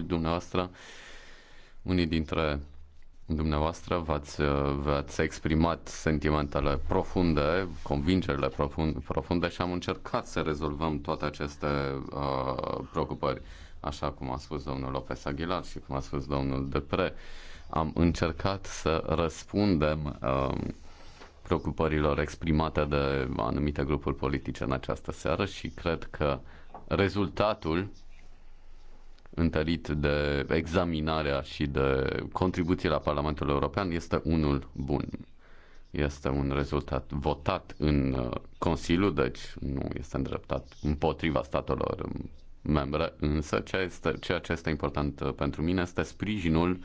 dumneavoastră. Unii dintre dumneavoastră v-ați, uh, v-ați exprimat sentimentele profunde, convingerile profund, profunde și am încercat să rezolvăm toate aceste uh, preocupări. Așa cum a spus domnul Lopez Aguilar și cum a spus domnul Depre, am încercat să răspundem uh, preocupărilor exprimate de anumite grupuri politice în această seară și cred că rezultatul întărit de examinarea și de contribuție la Parlamentul European este unul bun. Este un rezultat votat în uh, Consiliu, deci nu este îndreptat împotriva statelor membre, însă ceea, este, ceea ce este important uh, pentru mine este sprijinul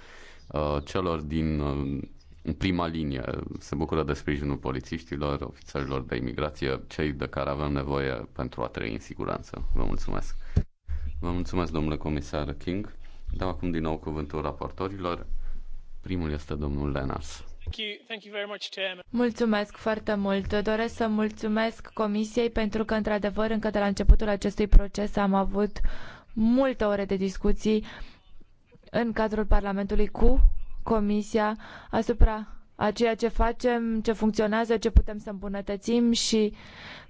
uh, celor din uh, prima linie. Se bucură de sprijinul polițiștilor, ofițerilor de imigrație, cei de care avem nevoie pentru a trăi în siguranță. Vă mulțumesc! Vă mulțumesc, domnule comisar King. Dau acum din nou cuvântul raportorilor. Primul este domnul Lenars. Mulțumesc foarte mult. Doresc să mulțumesc Comisiei pentru că, într-adevăr, încă de la începutul acestui proces am avut multe ore de discuții în cadrul Parlamentului cu Comisia asupra a ceea ce facem, ce funcționează, ce putem să îmbunătățim și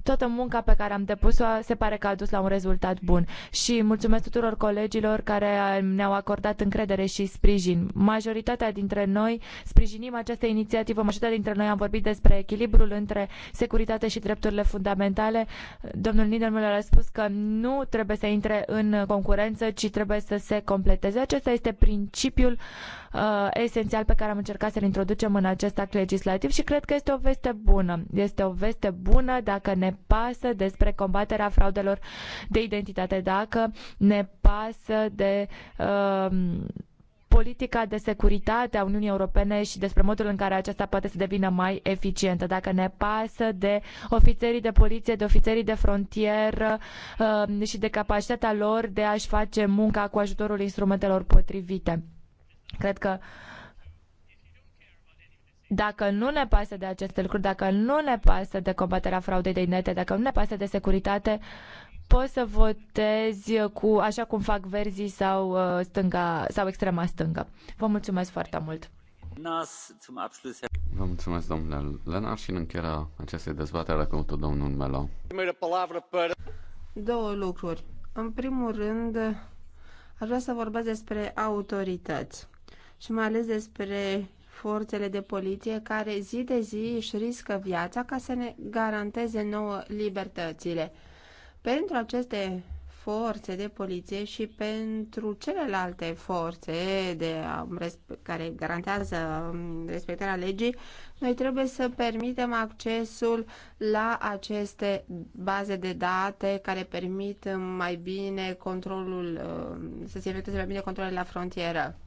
toată munca pe care am depus-o se pare că a dus la un rezultat bun. Și mulțumesc tuturor colegilor care ne-au acordat încredere și sprijin. Majoritatea dintre noi sprijinim această inițiativă, majoritatea dintre noi am vorbit despre echilibrul între securitate și drepturile fundamentale. Domnul Niedermüller a spus că nu trebuie să intre în concurență, ci trebuie să se completeze. Acesta este principiul uh, uh, esențial pe care am încercat să-l introducem în acest act legislativ și cred că este o veste bună. Este o veste bună dacă ne pasă despre combaterea fraudelor de identitate, dacă ne pasă de uh, politica de securitate a Uniunii Europene și despre modul în care aceasta poate să devină mai eficientă. Dacă ne pasă de ofițerii de poliție, de ofițerii de frontieră uh, și de capacitatea lor de a-și face munca cu ajutorul instrumentelor potrivite. Cred că dacă nu ne pasă de aceste lucruri, dacă nu ne pasă de combaterea fraudei de nete, dacă nu ne pasă de securitate, poți să votezi cu așa cum fac verzii sau uh, stânga sau extrema stângă. Vă mulțumesc foarte mult. Vă mulțumesc, domnule Lenar, și în încheierea acestei dezbateri, acum tot domnul Melo. Două lucruri. În primul rând, aș vrea să vorbesc despre autorități și mai ales despre forțele de poliție care zi de zi își riscă viața ca să ne garanteze nouă libertățile. Pentru aceste forțe de poliție și pentru celelalte forțe de, um, care garantează um, respectarea legii, noi trebuie să permitem accesul la aceste baze de date care permit mai bine controlul, um, să se efectueze mai bine controlul la frontieră.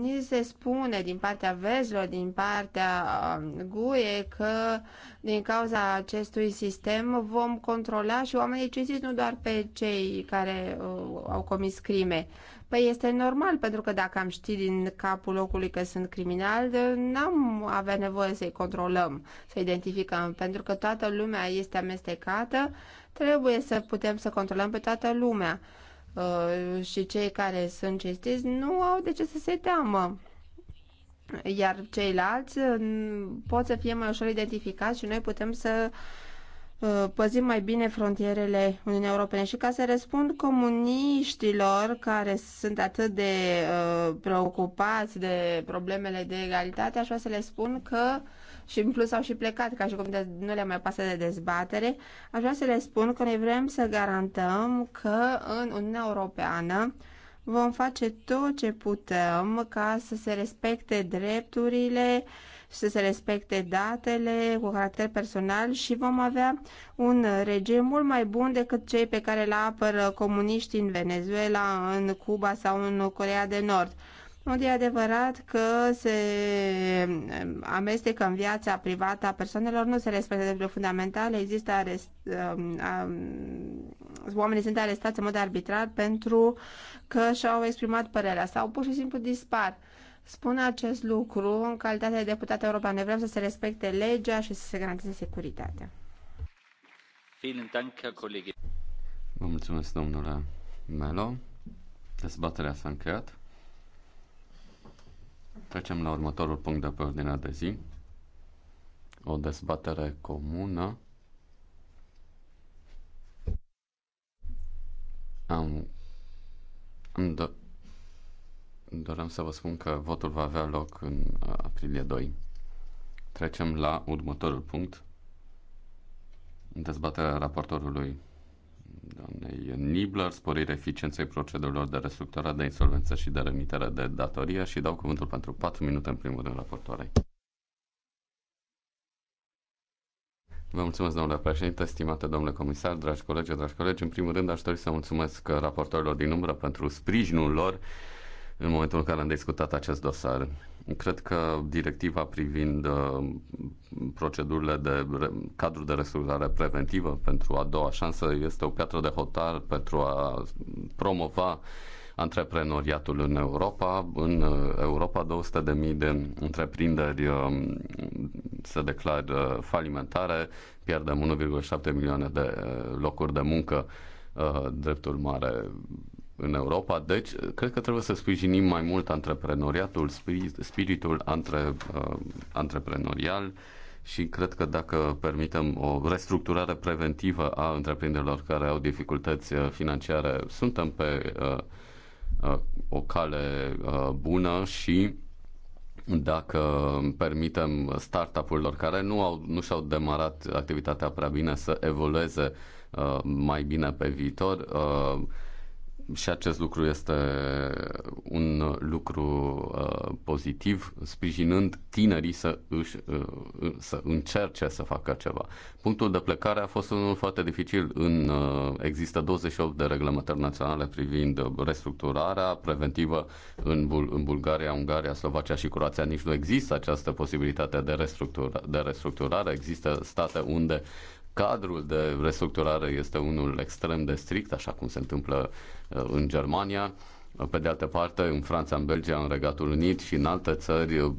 Ni se spune din partea vezilor, din partea um, GUE, că din cauza acestui sistem vom controla și oamenii cinstiți, nu doar pe cei care uh, au comis crime. Păi este normal, pentru că dacă am ști din capul locului că sunt criminal, n-am avea nevoie să-i controlăm, să identificăm, pentru că toată lumea este amestecată, trebuie să putem să controlăm pe toată lumea. Uh, și cei care sunt cinstiți nu au de ce să se teamă. Iar ceilalți uh, pot să fie mai ușor identificați și noi putem să uh, păzim mai bine frontierele Uniunii Europene. Și ca să răspund comuniștilor care sunt atât de uh, preocupați de problemele de egalitate, aș vrea să le spun că uh, și în plus au și plecat ca și cum de, nu le mai pasă de dezbatere, aș vrea să le spun că noi vrem să garantăm că în Uniunea Europeană vom face tot ce putem ca să se respecte drepturile și să se respecte datele cu caracter personal și vom avea un regim mult mai bun decât cei pe care le apără comuniștii în Venezuela, în Cuba sau în Corea de Nord unde e adevărat că se amestecă în viața privată a persoanelor, nu se respectă drepturile fundamentale, există arest, um, um, oamenii sunt arestați în mod arbitrar pentru că și-au exprimat părerea sau pur și simplu dispar. Spun acest lucru în calitate de deputat european. Vrem să se respecte legea și să se garanteze securitatea. Vă mulțumesc, domnule Melo. Dezbaterea s-a încheiat. Trecem la următorul punct de pe ordinea de zi. O dezbatere comună. Am, am do- doream să vă spun că votul va avea loc în aprilie 2. Trecem la următorul punct. Dezbaterea raportorului doamnei Nibler, sporire eficienței procedurilor de restructurare de insolvență și de remitere de datorie și dau cuvântul pentru 4 minute în primul rând raportoarei. Vă mulțumesc, domnule președinte, stimate domnule comisar, dragi colegi, dragi colegi. În primul rând, aș dori să mulțumesc raportorilor din umbră pentru sprijinul lor în momentul în care am discutat acest dosar. Cred că directiva privind uh, procedurile de cadru de resurzare preventivă pentru a doua șansă este o piatră de hotar pentru a promova antreprenoriatul în Europa. În uh, Europa 200.000 de întreprinderi um, se declară falimentare, pierdem 1,7 milioane de uh, locuri de muncă drept urmare în Europa. Deci, cred că trebuie să sprijinim mai mult antreprenoriatul, spiritul antre, uh, antreprenorial și cred că dacă permitem o restructurare preventivă a întreprinderilor care au dificultăți uh, financiare, suntem pe uh, uh, o cale uh, bună și dacă permitem startup-urilor care nu, au, nu și-au demarat activitatea prea bine să evolueze uh, mai bine pe viitor, uh, și acest lucru este un lucru uh, pozitiv, sprijinând tinerii să, își, uh, uh, să încerce să facă ceva. Punctul de plecare a fost unul foarte dificil. În, uh, există 28 de reglementări naționale privind restructurarea preventivă în, Bul- în Bulgaria, Ungaria, Slovacia și Croația. Nici nu există această posibilitate de, restructura- de restructurare. Există state unde uh, cadrul de restructurare este unul extrem de strict, așa cum se întâmplă uh, în Germania. Uh, pe de altă parte, în Franța, în Belgia, în Regatul Unit și în alte țări, uh,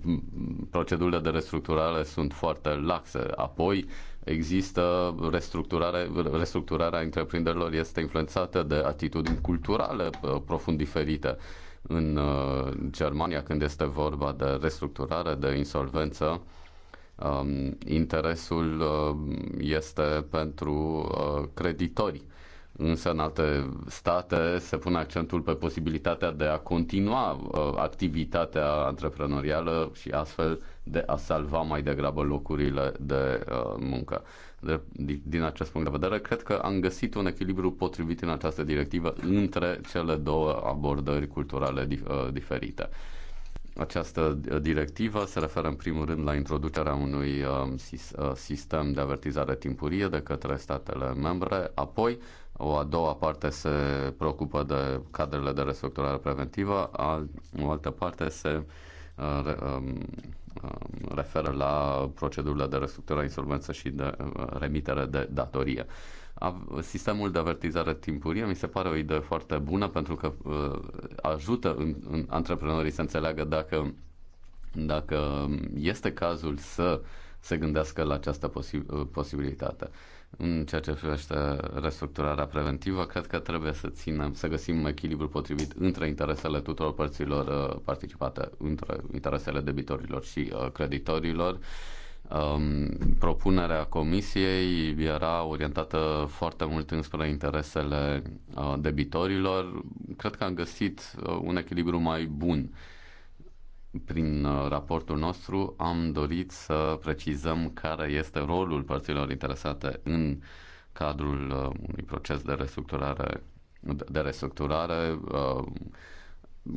procedurile de restructurare sunt foarte laxe. Apoi, există restructurare, restructurarea întreprinderilor este influențată de atitudini culturale profund diferite. În Germania, când este vorba de restructurare, de insolvență, Um, interesul um, este pentru uh, creditori. Însă în alte state se pune accentul pe posibilitatea de a continua uh, activitatea antreprenorială și astfel de a salva mai degrabă locurile de uh, muncă. De, din acest punct de vedere, cred că am găsit un echilibru potrivit în această directivă între cele două abordări culturale diferite. Această uh, directivă se referă în primul rând la introducerea unui um, uh, sistem de avertizare timpurie de către statele membre, apoi o a doua parte se preocupă de cadrele de restructurare preventivă, o altă parte se uh, um, um, referă la procedurile de restructurare insolvență și de remitere de datorie. Sistemul de avertizare timpurie mi se pare o idee foarte bună pentru că uh, ajută în, în antreprenorii să înțeleagă dacă, dacă este cazul să se gândească la această posi- uh, posibilitate. În ceea ce privește restructurarea preventivă, cred că trebuie să ținem, să găsim echilibru potrivit între interesele tuturor părților uh, participate, între interesele debitorilor și creditorilor Um, propunerea comisiei era orientată foarte mult înspre interesele uh, debitorilor. Cred că am găsit uh, un echilibru mai bun. Prin uh, raportul nostru am dorit să precizăm care este rolul părților interesate în cadrul unui proces de restructurare de restructurare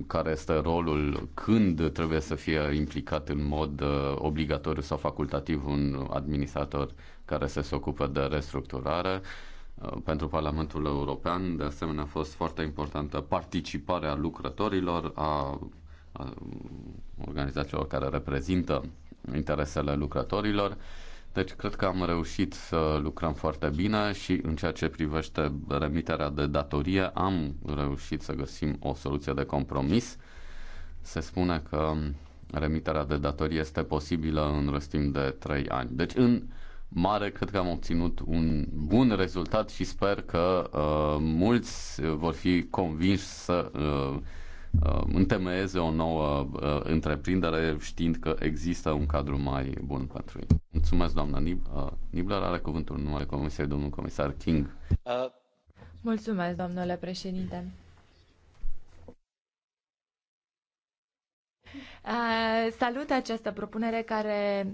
care este rolul, când trebuie să fie implicat în mod uh, obligatoriu sau facultativ un administrator care să se ocupe de restructurare. Uh, pentru Parlamentul European, de asemenea, a fost foarte importantă participarea lucrătorilor, a, a organizațiilor care reprezintă interesele lucrătorilor deci cred că am reușit să lucrăm foarte bine și în ceea ce privește remiterea de datorie am reușit să găsim o soluție de compromis. Se spune că remiterea de datorie este posibilă în răstim de 3 ani. Deci în mare cred că am obținut un bun rezultat și sper că uh, mulți vor fi convinși să uh, Uh, întemeieze o nouă uh, întreprindere știind că există un cadru mai bun pentru ei. Mulțumesc, doamna Nib- uh, Nibler. Are cuvântul în numele Comisiei domnul comisar King. Mulțumesc, domnule președinte. Salut această propunere care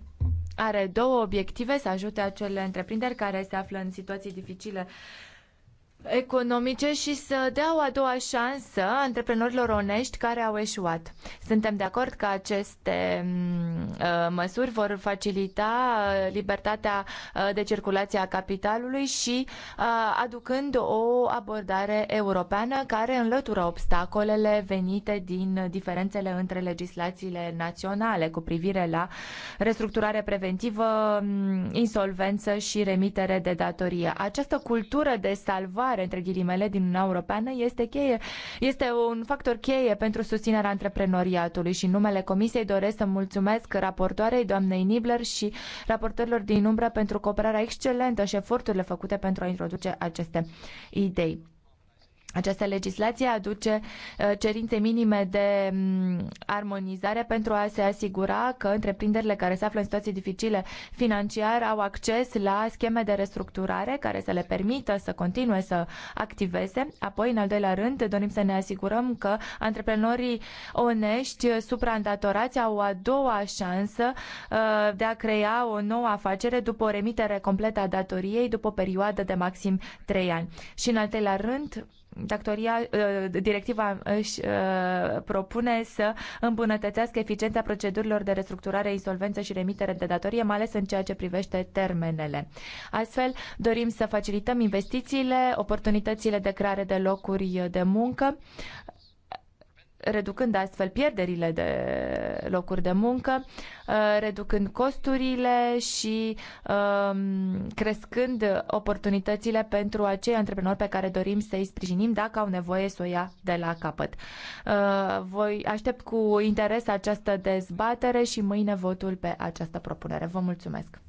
are două obiective, să ajute acele întreprinderi care se află în situații dificile uh, economice și să dea o a doua șansă antreprenorilor onești care au eșuat. Suntem de acord că aceste mm, uh, măsuri vor facilita uh, libertatea uh, de circulație a capitalului și aducând o abordare europeană care înlătură obstacolele venite din diferențele între legislațiile naționale cu privire la restructurare preventivă, mm, insolvență și remitere de datorie. Această cultură de salvare inovare, între ghilimele, din Uniunea Europeană este, cheie, este un factor cheie pentru susținerea antreprenoriatului și în numele Comisiei doresc să mulțumesc raportoarei doamnei Nibler și raportorilor din umbră pentru cooperarea excelentă și eforturile făcute pentru a introduce aceste idei. Această legislație aduce uh, cerințe minime de mm, armonizare pentru a se asigura că întreprinderile care se află în situații dificile financiar au acces la scheme de restructurare care să le permită să continue să activeze. Apoi, în al doilea rând, dorim să ne asigurăm că antreprenorii onești, uh, supraîndatorați, au a doua șansă uh, de a crea o nouă afacere după o remitere completă a datoriei, după o perioadă de maxim trei ani. Și în al treilea rând, Dactoria, uh, directiva își uh, propune să îmbunătățească eficiența procedurilor de restructurare, insolvență și remitere de datorie, mai ales în ceea ce privește termenele. Astfel, dorim să facilităm investițiile, oportunitățile de creare de locuri de muncă, reducând astfel pierderile de locuri de muncă, uh, reducând costurile și um, crescând oportunitățile pentru acei antreprenori pe care dorim să-i sprijinim dacă au nevoie să o ia de la capăt. Uh, voi aștept cu interes această dezbatere și mâine votul pe această propunere. Vă mulțumesc!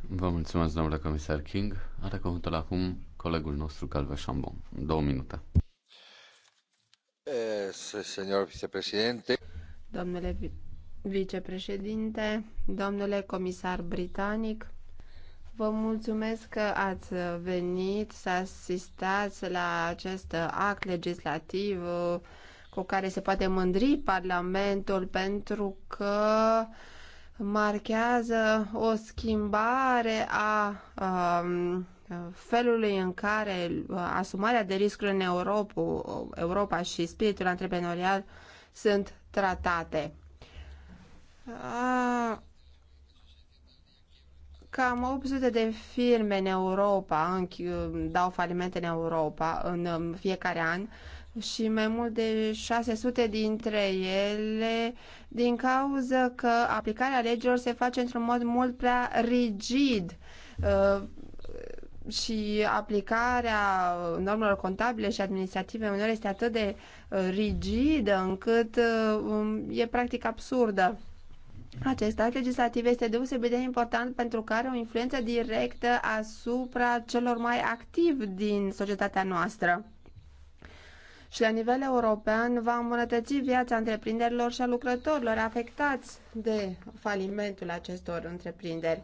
Vă mulțumesc, domnule comisar King. Are cuvântul acum colegul nostru, Calve Șambon. Două minute. Domnule vicepreședinte, domnule comisar britanic, vă mulțumesc că ați venit să asistați la acest act legislativ cu care se poate mândri Parlamentul pentru că marchează o schimbare a um, felului în care uh, asumarea de riscuri în Europa, Europa și spiritul antreprenorial sunt tratate. Uh, cam 800 de firme în Europa uh, dau falimente în Europa în um, fiecare an și mai mult de 600 dintre ele din cauza că aplicarea legilor se face într-un mod mult prea rigid și aplicarea normelor contabile și administrative uneori este atât de uh, rigidă încât uh, um, e practic absurdă. Acest act legislativ este deosebit de important pentru că are o influență directă asupra celor mai activi din societatea noastră. Și la nivel european va îmbunătăți viața întreprinderilor și a lucrătorilor afectați de falimentul acestor întreprinderi.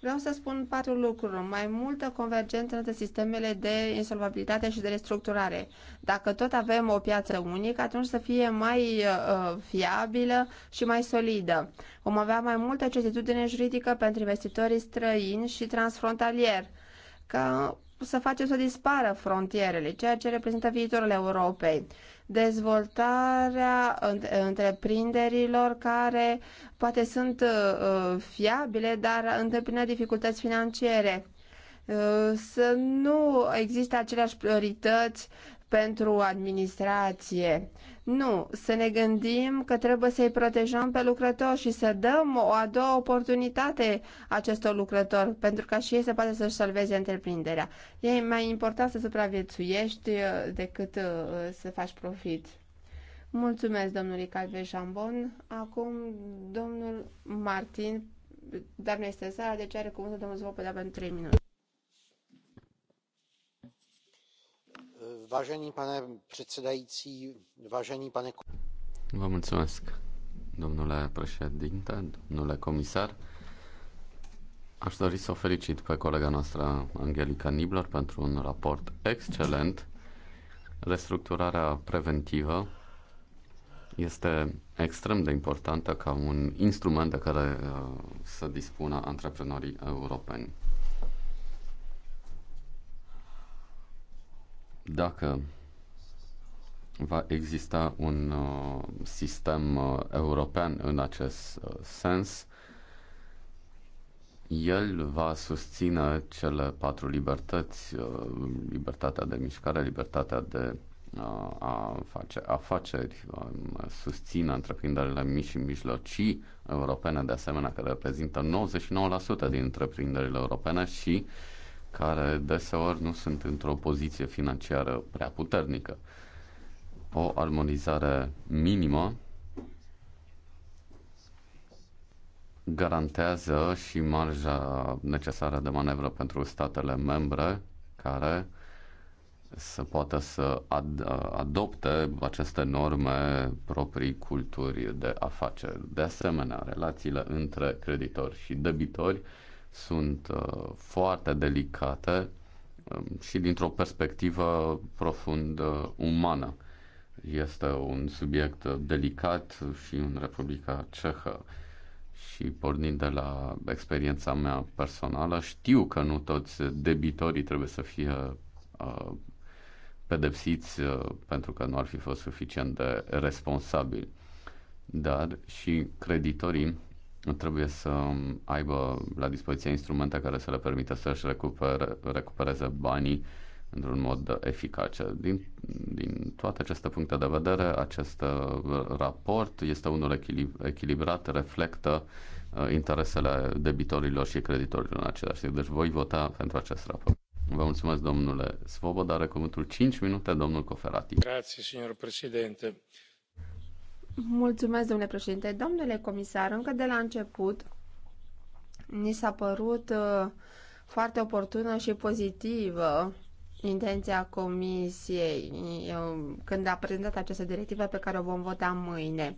Vreau să spun patru lucruri. Mai multă convergență între sistemele de insolvabilitate și de restructurare. Dacă tot avem o piață unică, atunci să fie mai uh, fiabilă și mai solidă. Vom avea mai multă certitudine juridică pentru investitorii străini și transfrontalieri. Ca să facem să dispară frontierele, ceea ce reprezintă viitorul Europei. Dezvoltarea întreprinderilor care poate sunt uh, fiabile, dar întâmpină dificultăți financiare. Uh, să nu existe aceleași priorități pentru administrație nu, să ne gândim că trebuie să-i protejăm pe lucrători și să dăm o a doua oportunitate acestor lucrători, pentru ca și ei să poată să-și salveze întreprinderea. E mai important să supraviețuiești uh, decât uh, să faci profit. Mulțumesc, domnului Calve Jambon. Acum, domnul Martin, dar nu este în deci are cuvântul domnul Zvopăda pentru 3 minute. Vă mulțumesc, domnule președinte, domnule comisar. Aș dori să o felicit pe colega noastră, Angelica Nibler, pentru un raport excelent. Restructurarea preventivă este extrem de importantă ca un instrument de care uh, să dispună antreprenorii europeni. Dacă va exista un uh, sistem uh, european în acest uh, sens, el va susține cele patru libertăți, uh, libertatea de mișcare, libertatea de uh, a face afaceri, um, susține întreprinderile mici și mijlocii europene, de asemenea, care reprezintă 99% din întreprinderile europene și uh, care deseori nu sunt într-o poziție financiară prea puternică. O armonizare minimă garantează și marja necesară de manevră pentru statele membre care să poată să ad- adopte aceste norme proprii culturi de afaceri. De asemenea, relațiile între creditori și debitori sunt uh, foarte delicate um, și dintr-o perspectivă profund uh, umană. Este un subiect uh, delicat și în Republica Cehă și pornind de la experiența mea personală, știu că nu toți debitorii trebuie să fie pedepsiți pentru că nu ar fi fost suficient de responsabili. Dar și creditorii trebuie să aibă la dispoziție instrumente care să le permită să-și recupere, recupereze banii într-un mod eficace. Din, din toate aceste puncte de vedere, acest uh, raport este unul echilib- echilibrat, reflectă uh, interesele debitorilor și creditorilor în același timp. Deci voi vota pentru acest raport. Vă mulțumesc, domnule Svoboda. Are cuvântul 5 minute, domnul Coferati. Grazie, signor președinte. Mulțumesc, domnule președinte. Domnule comisar, încă de la început ni s-a părut uh, foarte oportună și pozitivă intenția comisiei uh, când a prezentat această directivă pe care o vom vota mâine.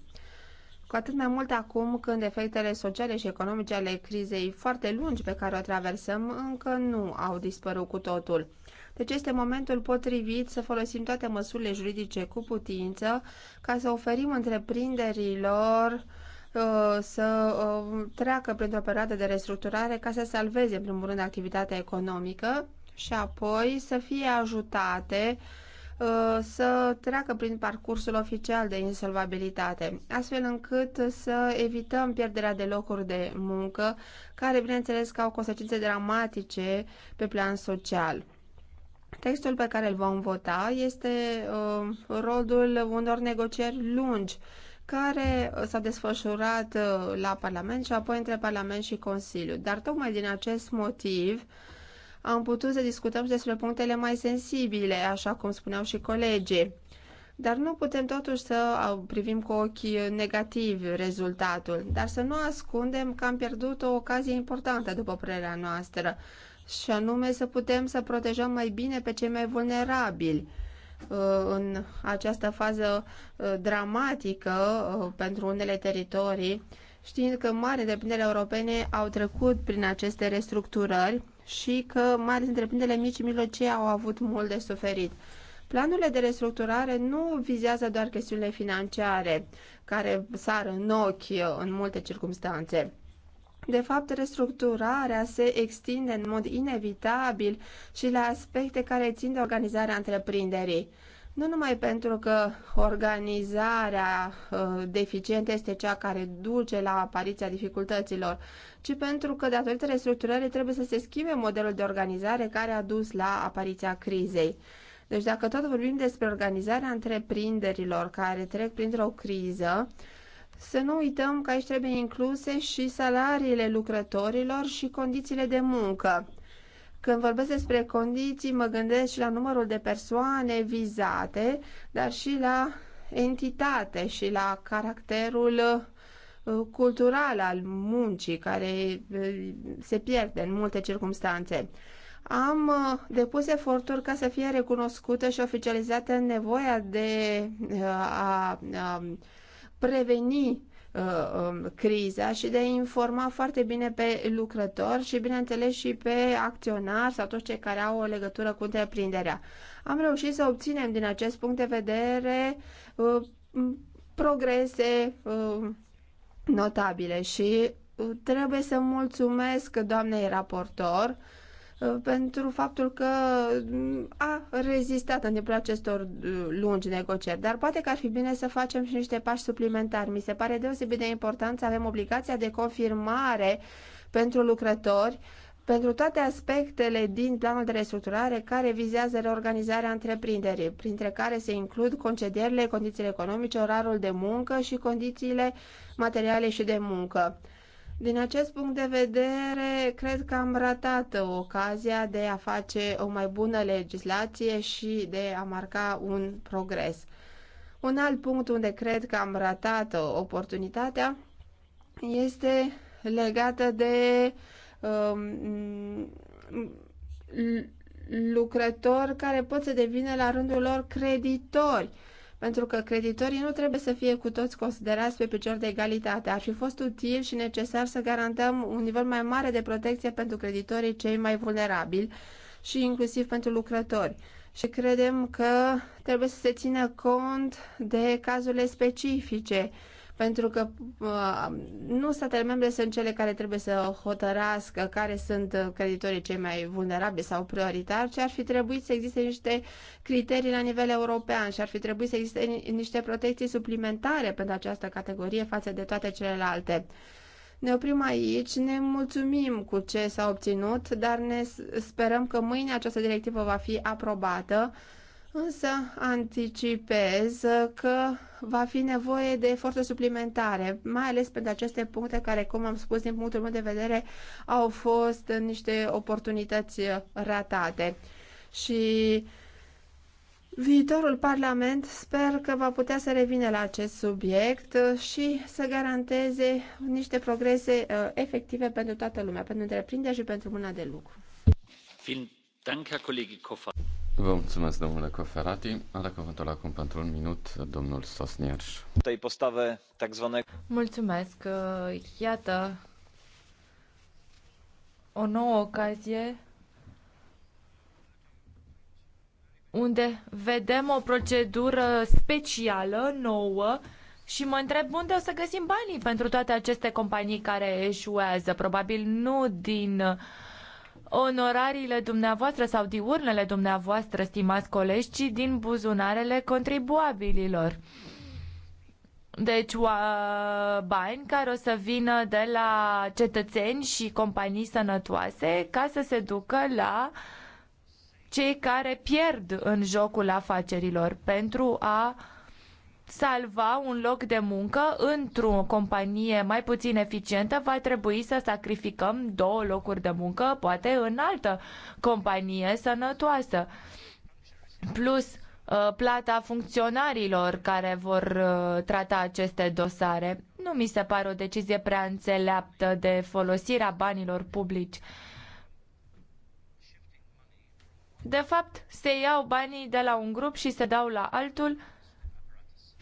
Cu atât mai mult acum când efectele sociale și economice ale crizei foarte lungi pe care o traversăm încă nu au dispărut cu totul. Deci este momentul potrivit să folosim toate măsurile juridice cu putință ca să oferim întreprinderilor uh, să uh, treacă printr-o perioadă de restructurare ca să salveze, în primul rând, activitatea economică și apoi să fie ajutate uh, să treacă prin parcursul oficial de insolvabilitate, astfel încât să evităm pierderea de locuri de muncă, care, bineînțeles, că au consecințe dramatice pe plan social. Textul pe care îl vom vota este uh, rodul unor negocieri lungi care s-a desfășurat uh, la Parlament și apoi între Parlament și Consiliu. Dar tocmai din acest motiv am putut să discutăm și despre punctele mai sensibile, așa cum spuneau și colegii. Dar nu putem totuși să uh, privim cu ochii negativ rezultatul, dar să nu ascundem că am pierdut o ocazie importantă, după părerea noastră și anume să putem să protejăm mai bine pe cei mai vulnerabili uh, în această fază uh, dramatică uh, pentru unele teritorii, știind că mari întreprinderi europene au trecut prin aceste restructurări și că mari întreprinderile mici și mijlocii au avut mult de suferit. Planurile de restructurare nu vizează doar chestiunile financiare, care sar în ochi în multe circunstanțe. De fapt, restructurarea se extinde în mod inevitabil și la aspecte care țin de organizarea întreprinderii. Nu numai pentru că organizarea uh, deficientă este cea care duce la apariția dificultăților, ci pentru că datorită restructurării trebuie să se schimbe modelul de organizare care a dus la apariția crizei. Deci dacă tot vorbim despre organizarea întreprinderilor care trec printr-o criză, să nu uităm că aici trebuie incluse și salariile lucrătorilor și condițiile de muncă. Când vorbesc despre condiții, mă gândesc și la numărul de persoane vizate, dar și la entitate și la caracterul uh, cultural al muncii care uh, se pierde în multe circunstanțe. Am uh, depus eforturi ca să fie recunoscută și oficializată nevoia de a, a, a preveni uh, um, criza și de a informa foarte bine pe lucrători și, bineînțeles, și pe acționari sau toți cei care au o legătură cu întreprinderea. Am reușit să obținem, din acest punct de vedere, uh, progrese uh, notabile și trebuie să mulțumesc doamnei raportor Uh, pentru faptul că mm, a rezistat în timpul acestor uh, lungi negocieri, dar poate că ar fi bine să facem și niște pași suplimentari. Mi se pare deosebit de important să avem obligația de confirmare pentru lucrători pentru toate aspectele din planul de restructurare care vizează reorganizarea întreprinderii, printre care se includ concedierile, condițiile economice, orarul de muncă și condițiile materiale și de muncă. Din acest punct de vedere, cred că am ratat ocazia de a face o mai bună legislație și de a marca un progres. Un alt punct unde cred că am ratat oportunitatea este legată de um, lucrători care pot să devină la rândul lor creditori pentru că creditorii nu trebuie să fie cu toți considerați pe picior de egalitate. Ar fi fost util și necesar să garantăm un nivel mai mare de protecție pentru creditorii cei mai vulnerabili și inclusiv pentru lucrători. Și credem că trebuie să se țină cont de cazurile specifice pentru că uh, nu statele membre sunt cele care trebuie să hotărască care sunt uh, creditorii cei mai vulnerabili sau prioritari, ci ar fi trebuit să existe niște criterii la nivel european și ar fi trebuit să existe niște protecții suplimentare pentru această categorie față de toate celelalte. Ne oprim aici, ne mulțumim cu ce s-a obținut, dar ne sperăm că mâine această directivă va fi aprobată însă anticipez că va fi nevoie de eforturi suplimentare, mai ales pentru aceste puncte care, cum am spus, din punctul meu de vedere, au fost niște oportunități ratate. Și Viitorul Parlament sper că va putea să revină la acest subiect și să garanteze niște progrese uh, efective pentru toată lumea, pentru întreprinderi și pentru mâna de lucru. Vielen Dank, Herr Kollege Koffer. Vă mulțumesc, domnule Coferati. Are cuvântul acum pentru un minut domnul Sosnierș. Mulțumesc. Iată o nouă ocazie unde vedem o procedură specială, nouă, și mă întreb unde o să găsim banii pentru toate aceste companii care eșuează. Probabil nu din uh, onorariile dumneavoastră sau diurnele dumneavoastră, stimați colegi, ci din buzunarele contribuabililor. Deci bani care o să vină de la cetățeni și companii sănătoase ca să se ducă la cei care pierd în jocul afacerilor pentru a salva un loc de muncă într-o companie mai puțin eficientă, va trebui să sacrificăm două locuri de muncă, poate în altă companie sănătoasă. Plus, uh, plata funcționarilor care vor uh, trata aceste dosare. Nu mi se pare o decizie prea înțeleaptă de folosirea banilor publici. De fapt, se iau banii de la un grup și se dau la altul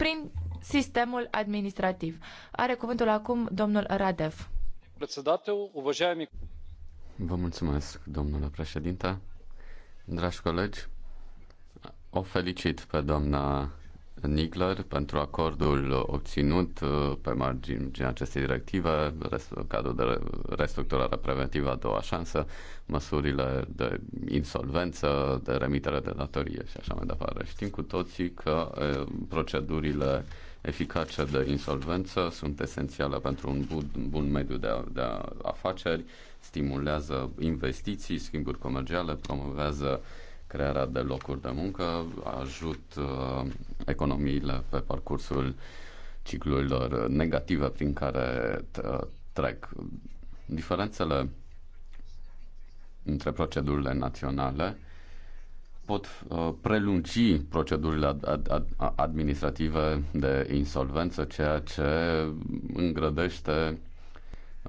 prin sistemul administrativ. Are cuvântul acum domnul Radev. Vă mulțumesc, domnule președinte. Dragi colegi, o felicit pe doamna Nigler pentru acordul obținut uh, pe marginea acestei directive, cadrul de restructurare preventivă a doua șansă, măsurile de insolvență, de remitere de datorie și așa mai departe. Știm cu toții că procedurile eficace de insolvență sunt esențiale pentru un bun, bun mediu de, a, de afaceri, stimulează investiții, schimburi comerciale, promovează uh, crearea de locuri de muncă, ajut uh, economiile pe parcursul ciclurilor negative prin care uh, trec. Diferențele între procedurile naționale pot uh, prelungi procedurile administrative de insolvență, ceea ce îngrădește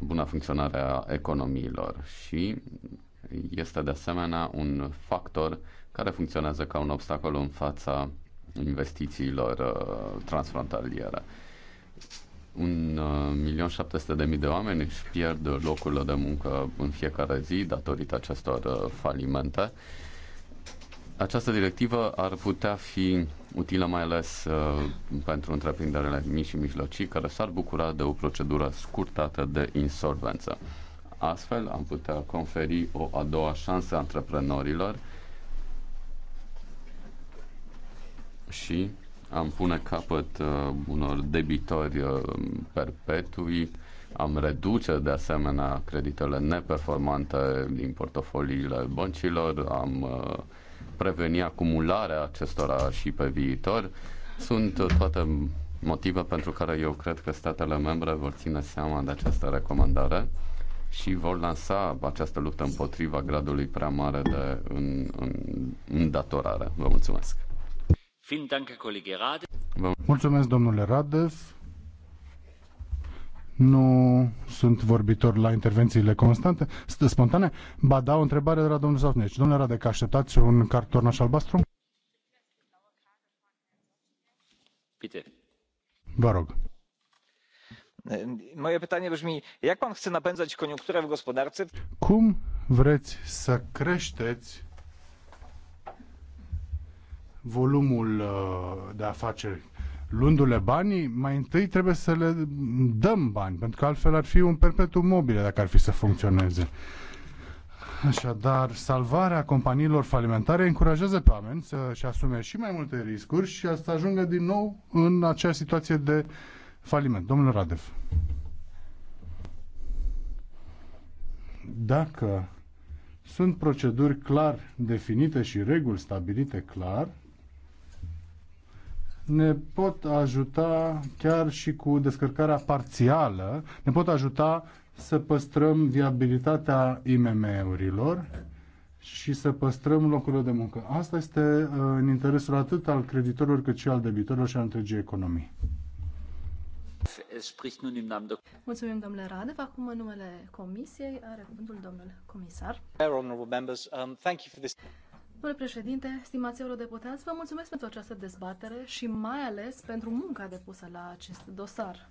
buna funcționare a economiilor și este de asemenea un factor care funcționează ca un obstacol în fața investițiilor uh, transfrontaliere. Un 1.700.000 uh, de mii de oameni își pierd locul de muncă în fiecare zi datorită acestor uh, falimente. Această directivă ar putea fi utilă mai ales pentru întreprinderile mici și mijlocii care s-ar bucura de o procedură scurtată de insolvență. Astfel am putea conferi o a doua șansă antreprenorilor și am pune capăt uh, unor debitori uh, perpetui, am reduce de asemenea creditele neperformante din portofoliile băncilor, am uh, preveni acumularea acestora și pe viitor. Sunt uh, toate motive pentru care eu cred că statele membre vor ține seama de această recomandare și vor lansa această luptă împotriva gradului prea mare de în, în, îndatorare. Vă mulțumesc! Vă mulțumesc, domnule Radev. Nu sunt vorbitor la intervențiile constante, sunt spontane. Ba da, o întrebare de la domnul Zafneci. Domnule Radec, așteptați un cartonaș albastru? Vă rog. Moje pytanie brzmi, jak pan chce napędzać koniunkturę w gospodarce? Cum vreți să creșteți volumul uh, de afaceri? Luându-le banii, mai întâi trebuie să le dăm bani, pentru că altfel ar fi un perpetuum mobile dacă ar fi să funcționeze. Așadar, salvarea companiilor falimentare încurajează pe oameni să-și asume și mai multe riscuri și să ajungă din nou în acea situație de uh, faliment. Domnul Radev, dacă sunt proceduri clar definite și reguli stabilite clar, ne pot ajuta chiar și cu descărcarea parțială, ne pot ajuta să păstrăm viabilitatea IMM-urilor și să păstrăm locurile de muncă. Asta este uh, în interesul atât al creditorilor cât și al debitorilor și al întregii economii. Mulțumim, domnule Radev. Acum, în numele Comisiei, are cuvântul domnul comisar. Um, domnule președinte, stimați eurodeputați, vă mulțumesc pentru această dezbatere și mai ales pentru munca depusă la acest dosar.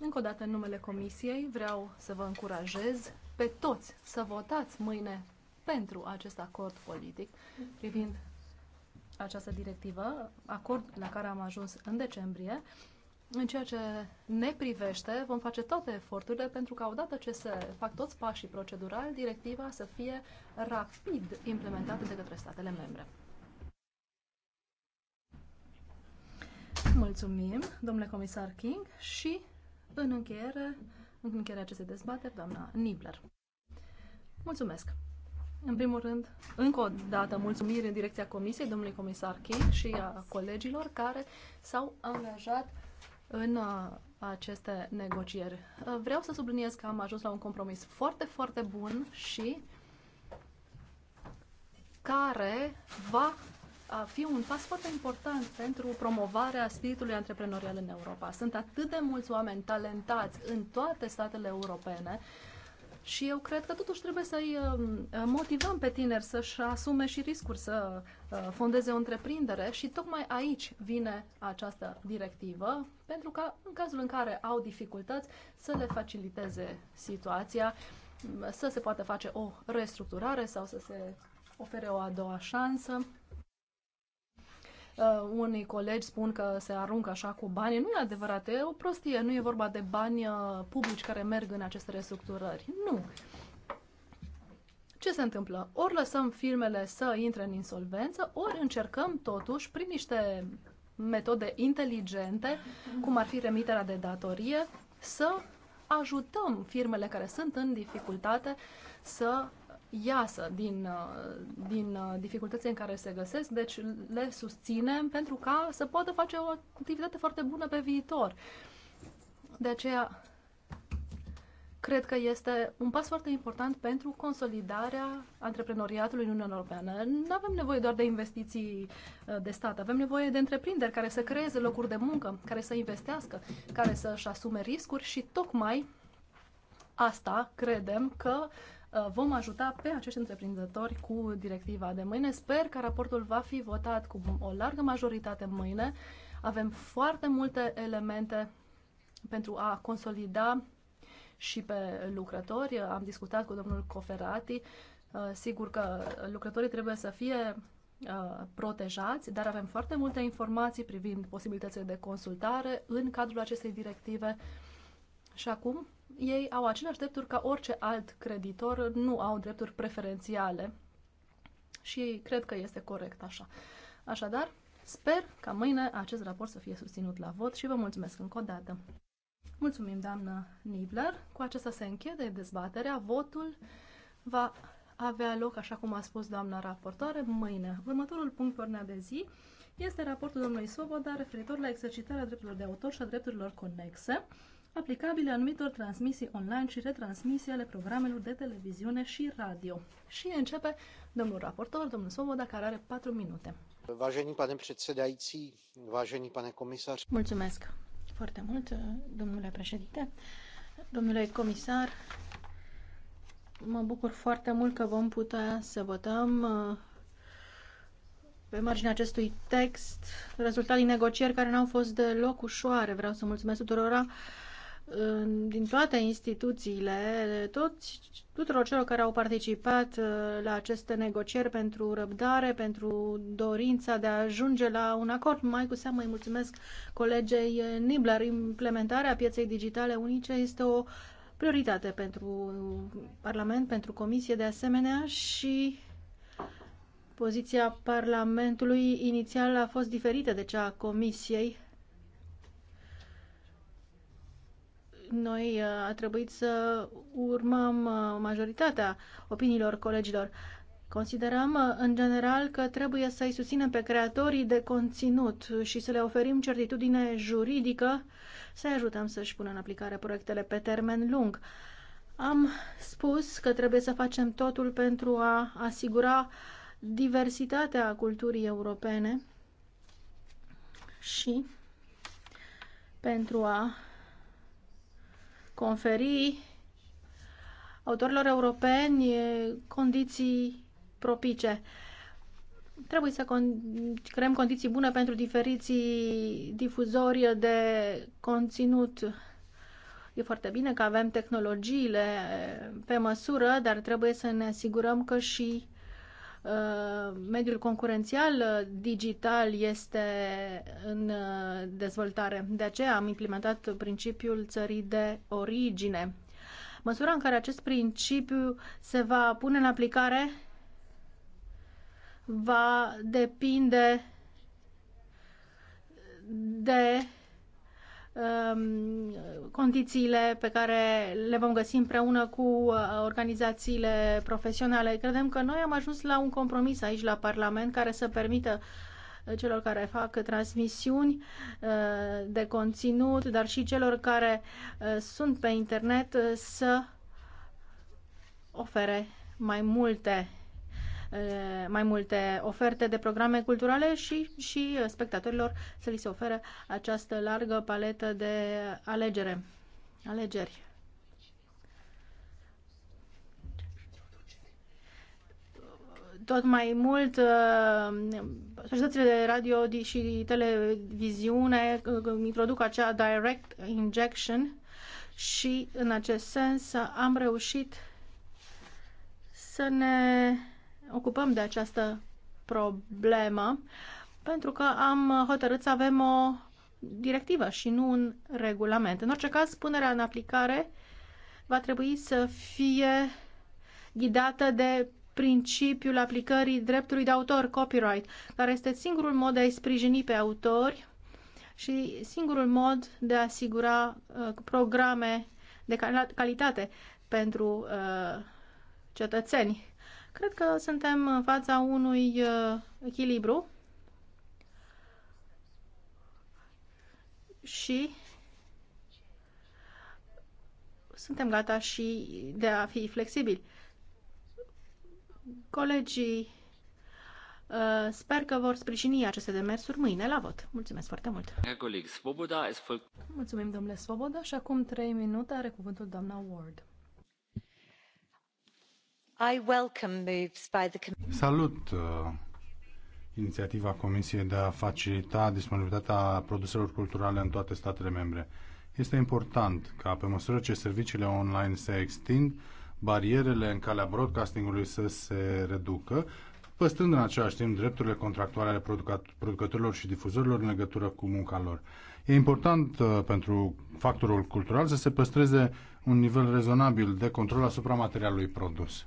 Încă o dată, în numele Comisiei, vreau să vă încurajez pe toți să votați mâine pentru acest acord politic privind această directivă, acord la care am ajuns în decembrie, în ceea ce ne privește, vom face toate eforturile pentru ca odată ce se fac toți pașii procedurali, directiva să fie rapid implementată de către statele membre. Mulțumim, domnule comisar King, și în încheiere, în încheierea acestei dezbateri, doamna Nibler. Mulțumesc! În primul rând, încă o dată, mulțumiri în direcția Comisiei, domnului comisar King și a colegilor care s-au angajat în uh, aceste negocieri. Uh, vreau să subliniez că am ajuns la un compromis foarte, foarte bun și care va fi un pas foarte important pentru promovarea spiritului antreprenorial în Europa. Sunt atât de mulți oameni talentați în toate statele europene și eu cred că totuși trebuie să-i um, motivăm pe tineri să-și asume și riscuri, să uh, fondeze o întreprindere și tocmai aici vine această directivă, pentru că în cazul în care au dificultăți să le faciliteze situația, să se poată face o restructurare sau să se ofere o a doua șansă. Uh, unii colegi spun că se aruncă așa cu bani. Nu e adevărat, e o prostie. Nu e vorba de bani uh, publici care merg în aceste restructurări. Nu. Ce se întâmplă? Ori lăsăm filmele să intre în insolvență, ori încercăm totuși prin niște metode inteligente, cum ar fi remiterea de datorie, să ajutăm firmele care sunt în dificultate să iasă din, uh, din uh, dificultățile în care se găsesc, deci le susținem pentru ca să poată face o activitate foarte bună pe viitor. De aceea, cred că este un pas foarte important pentru consolidarea antreprenoriatului în Uniunea Europeană. Nu avem nevoie doar de investiții uh, de stat, avem nevoie de întreprinderi care să creeze locuri de muncă, care să investească, care să-și asume riscuri și tocmai asta credem că uh, Uh, vom ajuta pe acești întreprinzători cu directiva de mâine. Sper că raportul va fi votat cu o largă majoritate mâine. Avem foarte multe elemente pentru a consolida și pe lucrători. Am discutat cu domnul Coferati. Uh, sigur că lucrătorii trebuie să fie uh, protejați, dar avem foarte multe informații privind posibilitățile de consultare în cadrul acestei directive. Și acum ei au aceleași drepturi ca orice alt creditor, nu au drepturi preferențiale și cred că este corect așa. Așadar, sper ca mâine acest raport să fie susținut la vot și vă mulțumesc încă o dată. Mulțumim, doamnă Nibler. Cu acesta se închide dezbaterea. Votul va avea loc, așa cum a spus doamna raportoare, mâine. Următorul punct pe ordinea de zi este raportul domnului Soboda referitor la exercitarea drepturilor de autor și a drepturilor conexe aplicabile anumitor transmisii online și retransmisii ale programelor de televiziune și radio. Și începe domnul raportor, domnul Svoboda, care are patru minute. Vážený pane předsedající, vážený pane komisar. Mulțumesc foarte mult, domnule președinte. Domnule comisar, mă bucur foarte mult că vom putea să votăm uh, pe marginea acestui text, rezultat din negocieri care n-au fost deloc ușoare. Vreau să mulțumesc tuturora din toate instituțiile, toți, tuturor celor care au participat uh, la aceste negocieri pentru răbdare, pentru dorința de a ajunge la un acord. Mai cu seamă îi mulțumesc colegei Nibler. Implementarea pieței digitale unice este o prioritate pentru Parlament, pentru Comisie de asemenea și poziția Parlamentului inițial a fost diferită de cea a Comisiei noi uh, a trebuit să urmăm uh, majoritatea opiniilor colegilor. Considerăm, uh, în general, că trebuie să-i susținem pe creatorii de conținut și să le oferim certitudine juridică, să-i ajutăm să-și pună în aplicare proiectele pe termen lung. Am spus că trebuie să facem totul pentru a asigura diversitatea culturii europene și pentru a conferi autorilor europeni condiții propice. Trebuie să con- creăm condiții bune pentru diferiții difuzori de conținut. E foarte bine că avem tehnologiile pe măsură, dar trebuie să ne asigurăm că și Uh, mediul concurențial uh, digital este în uh, dezvoltare. De aceea am implementat principiul țării de origine. Măsura în care acest principiu se va pune în aplicare va depinde de Um, condițiile pe care le vom găsi împreună cu uh, organizațiile profesionale. Credem că noi am ajuns la un compromis aici la Parlament care să permită uh, celor care fac transmisiuni uh, de conținut, dar și celor care sunt pe internet să ofere mai multe mai multe oferte de programe culturale și, și spectatorilor să li se ofere această largă paletă de alegere, alegeri. tot mai mult societățile de radio și televiziune introduc acea direct injection și în acest sens am reușit să ne ocupăm de această problemă pentru că am hotărât să avem o directivă și nu un regulament. În orice caz, punerea în aplicare va trebui să fie ghidată de principiul aplicării dreptului de autor, copyright, care este singurul mod de a-i sprijini pe autori și singurul mod de a asigura uh, programe de cal calitate pentru uh, cetățeni. Cred că suntem în fața unui uh, echilibru și suntem gata și de a fi flexibili. Colegii uh, Sper că vor sprijini aceste demersuri mâine la vot. Mulțumesc foarte mult! Mulțumim, domnule Svoboda, și acum trei minute are cuvântul doamna Ward. I welcome moves by the... Salut uh, inițiativa Comisiei de a facilita disponibilitatea produselor culturale în toate statele membre. Este important ca pe măsură ce serviciile online se extind, barierele în calea broadcastingului să se reducă, păstrând în același timp drepturile contractuale ale producătorilor și difuzorilor în legătură cu munca lor. E important uh, pentru factorul cultural să se păstreze un nivel rezonabil de control asupra materialului produs.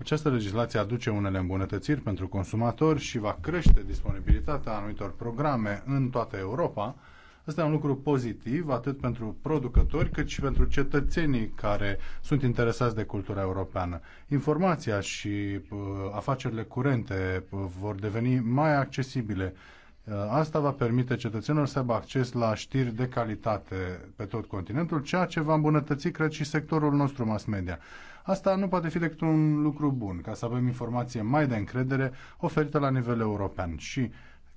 Această legislație aduce unele îmbunătățiri pentru consumatori și va crește disponibilitatea anumitor programe în toată Europa. Asta e un lucru pozitiv atât pentru producători cât și pentru cetățenii care sunt interesați de cultura europeană. Informația și uh, afacerile curente uh, vor deveni mai accesibile. Uh, asta va permite cetățenilor să aibă acces la știri de calitate pe tot continentul, ceea ce va îmbunătăți, cred, și sectorul nostru mass media. Asta nu poate fi decât un lucru bun, ca să avem informație mai de încredere oferită la nivel european și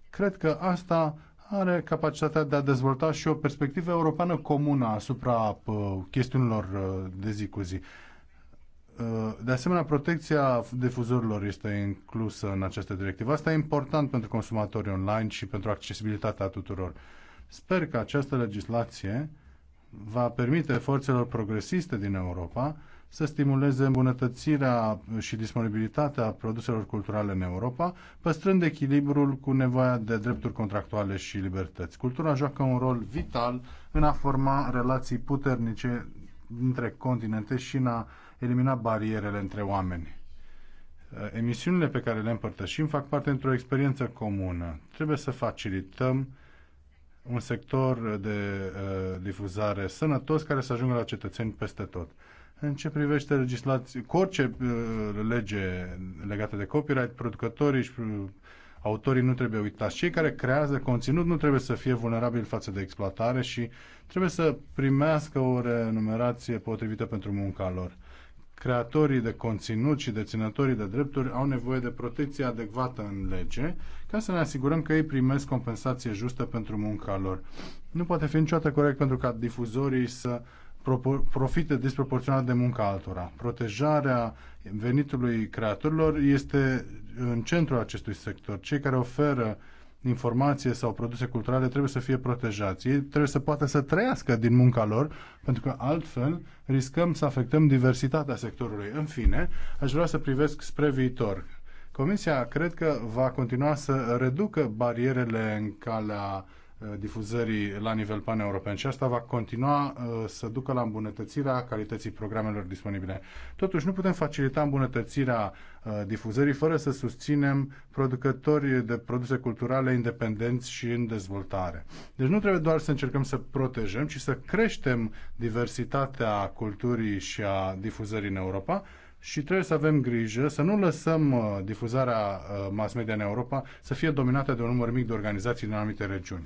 cred că asta are capacitatea de a dezvolta și o perspectivă europeană comună asupra uh, chestiunilor uh, de zi cu zi. Uh, de asemenea, protecția difuzorilor este inclusă în această directivă. Asta e important pentru consumatorii online și pentru accesibilitatea tuturor. Sper că această legislație va permite forțelor progresiste din Europa să stimuleze îmbunătățirea și disponibilitatea produselor culturale în Europa, păstrând echilibrul cu nevoia de drepturi contractuale și libertăți. Cultura joacă un rol vital în a forma relații puternice între continente și în a elimina barierele între oameni. Emisiunile pe care le împărtășim fac parte într-o experiență comună. Trebuie să facilităm un sector de uh, difuzare sănătos care să ajungă la cetățeni peste tot. În ce privește legislații, cu orice uh, lege legată de copyright, producătorii și uh, autorii nu trebuie uitați. Cei care creează conținut nu trebuie să fie vulnerabili față de exploatare și trebuie să primească o renumerație potrivită pentru munca lor. Creatorii de conținut și deținătorii de drepturi au nevoie de protecție adecvată în lege ca să ne asigurăm că ei primesc compensație justă pentru munca lor. Nu poate fi niciodată corect pentru ca difuzorii să profită disproporționat de munca altora. Protejarea venitului creatorilor este în centrul acestui sector. Cei care oferă informație sau produse culturale trebuie să fie protejați. Ei trebuie să poată să trăiască din munca lor, pentru că altfel riscăm să afectăm diversitatea sectorului. În fine, aș vrea să privesc spre viitor. Comisia cred că va continua să reducă barierele în calea Uh, difuzării la nivel pan-european și asta va continua uh, să ducă la îmbunătățirea calității programelor disponibile. Totuși, nu putem facilita îmbunătățirea uh, difuzării fără să susținem producători de produse culturale independenți și în dezvoltare. Deci nu trebuie doar să încercăm să protejăm, ci să creștem diversitatea culturii și a difuzării în Europa, și trebuie să avem grijă să nu lăsăm uh, difuzarea uh, mass media în Europa să fie dominată de un număr mic de organizații din anumite regiuni.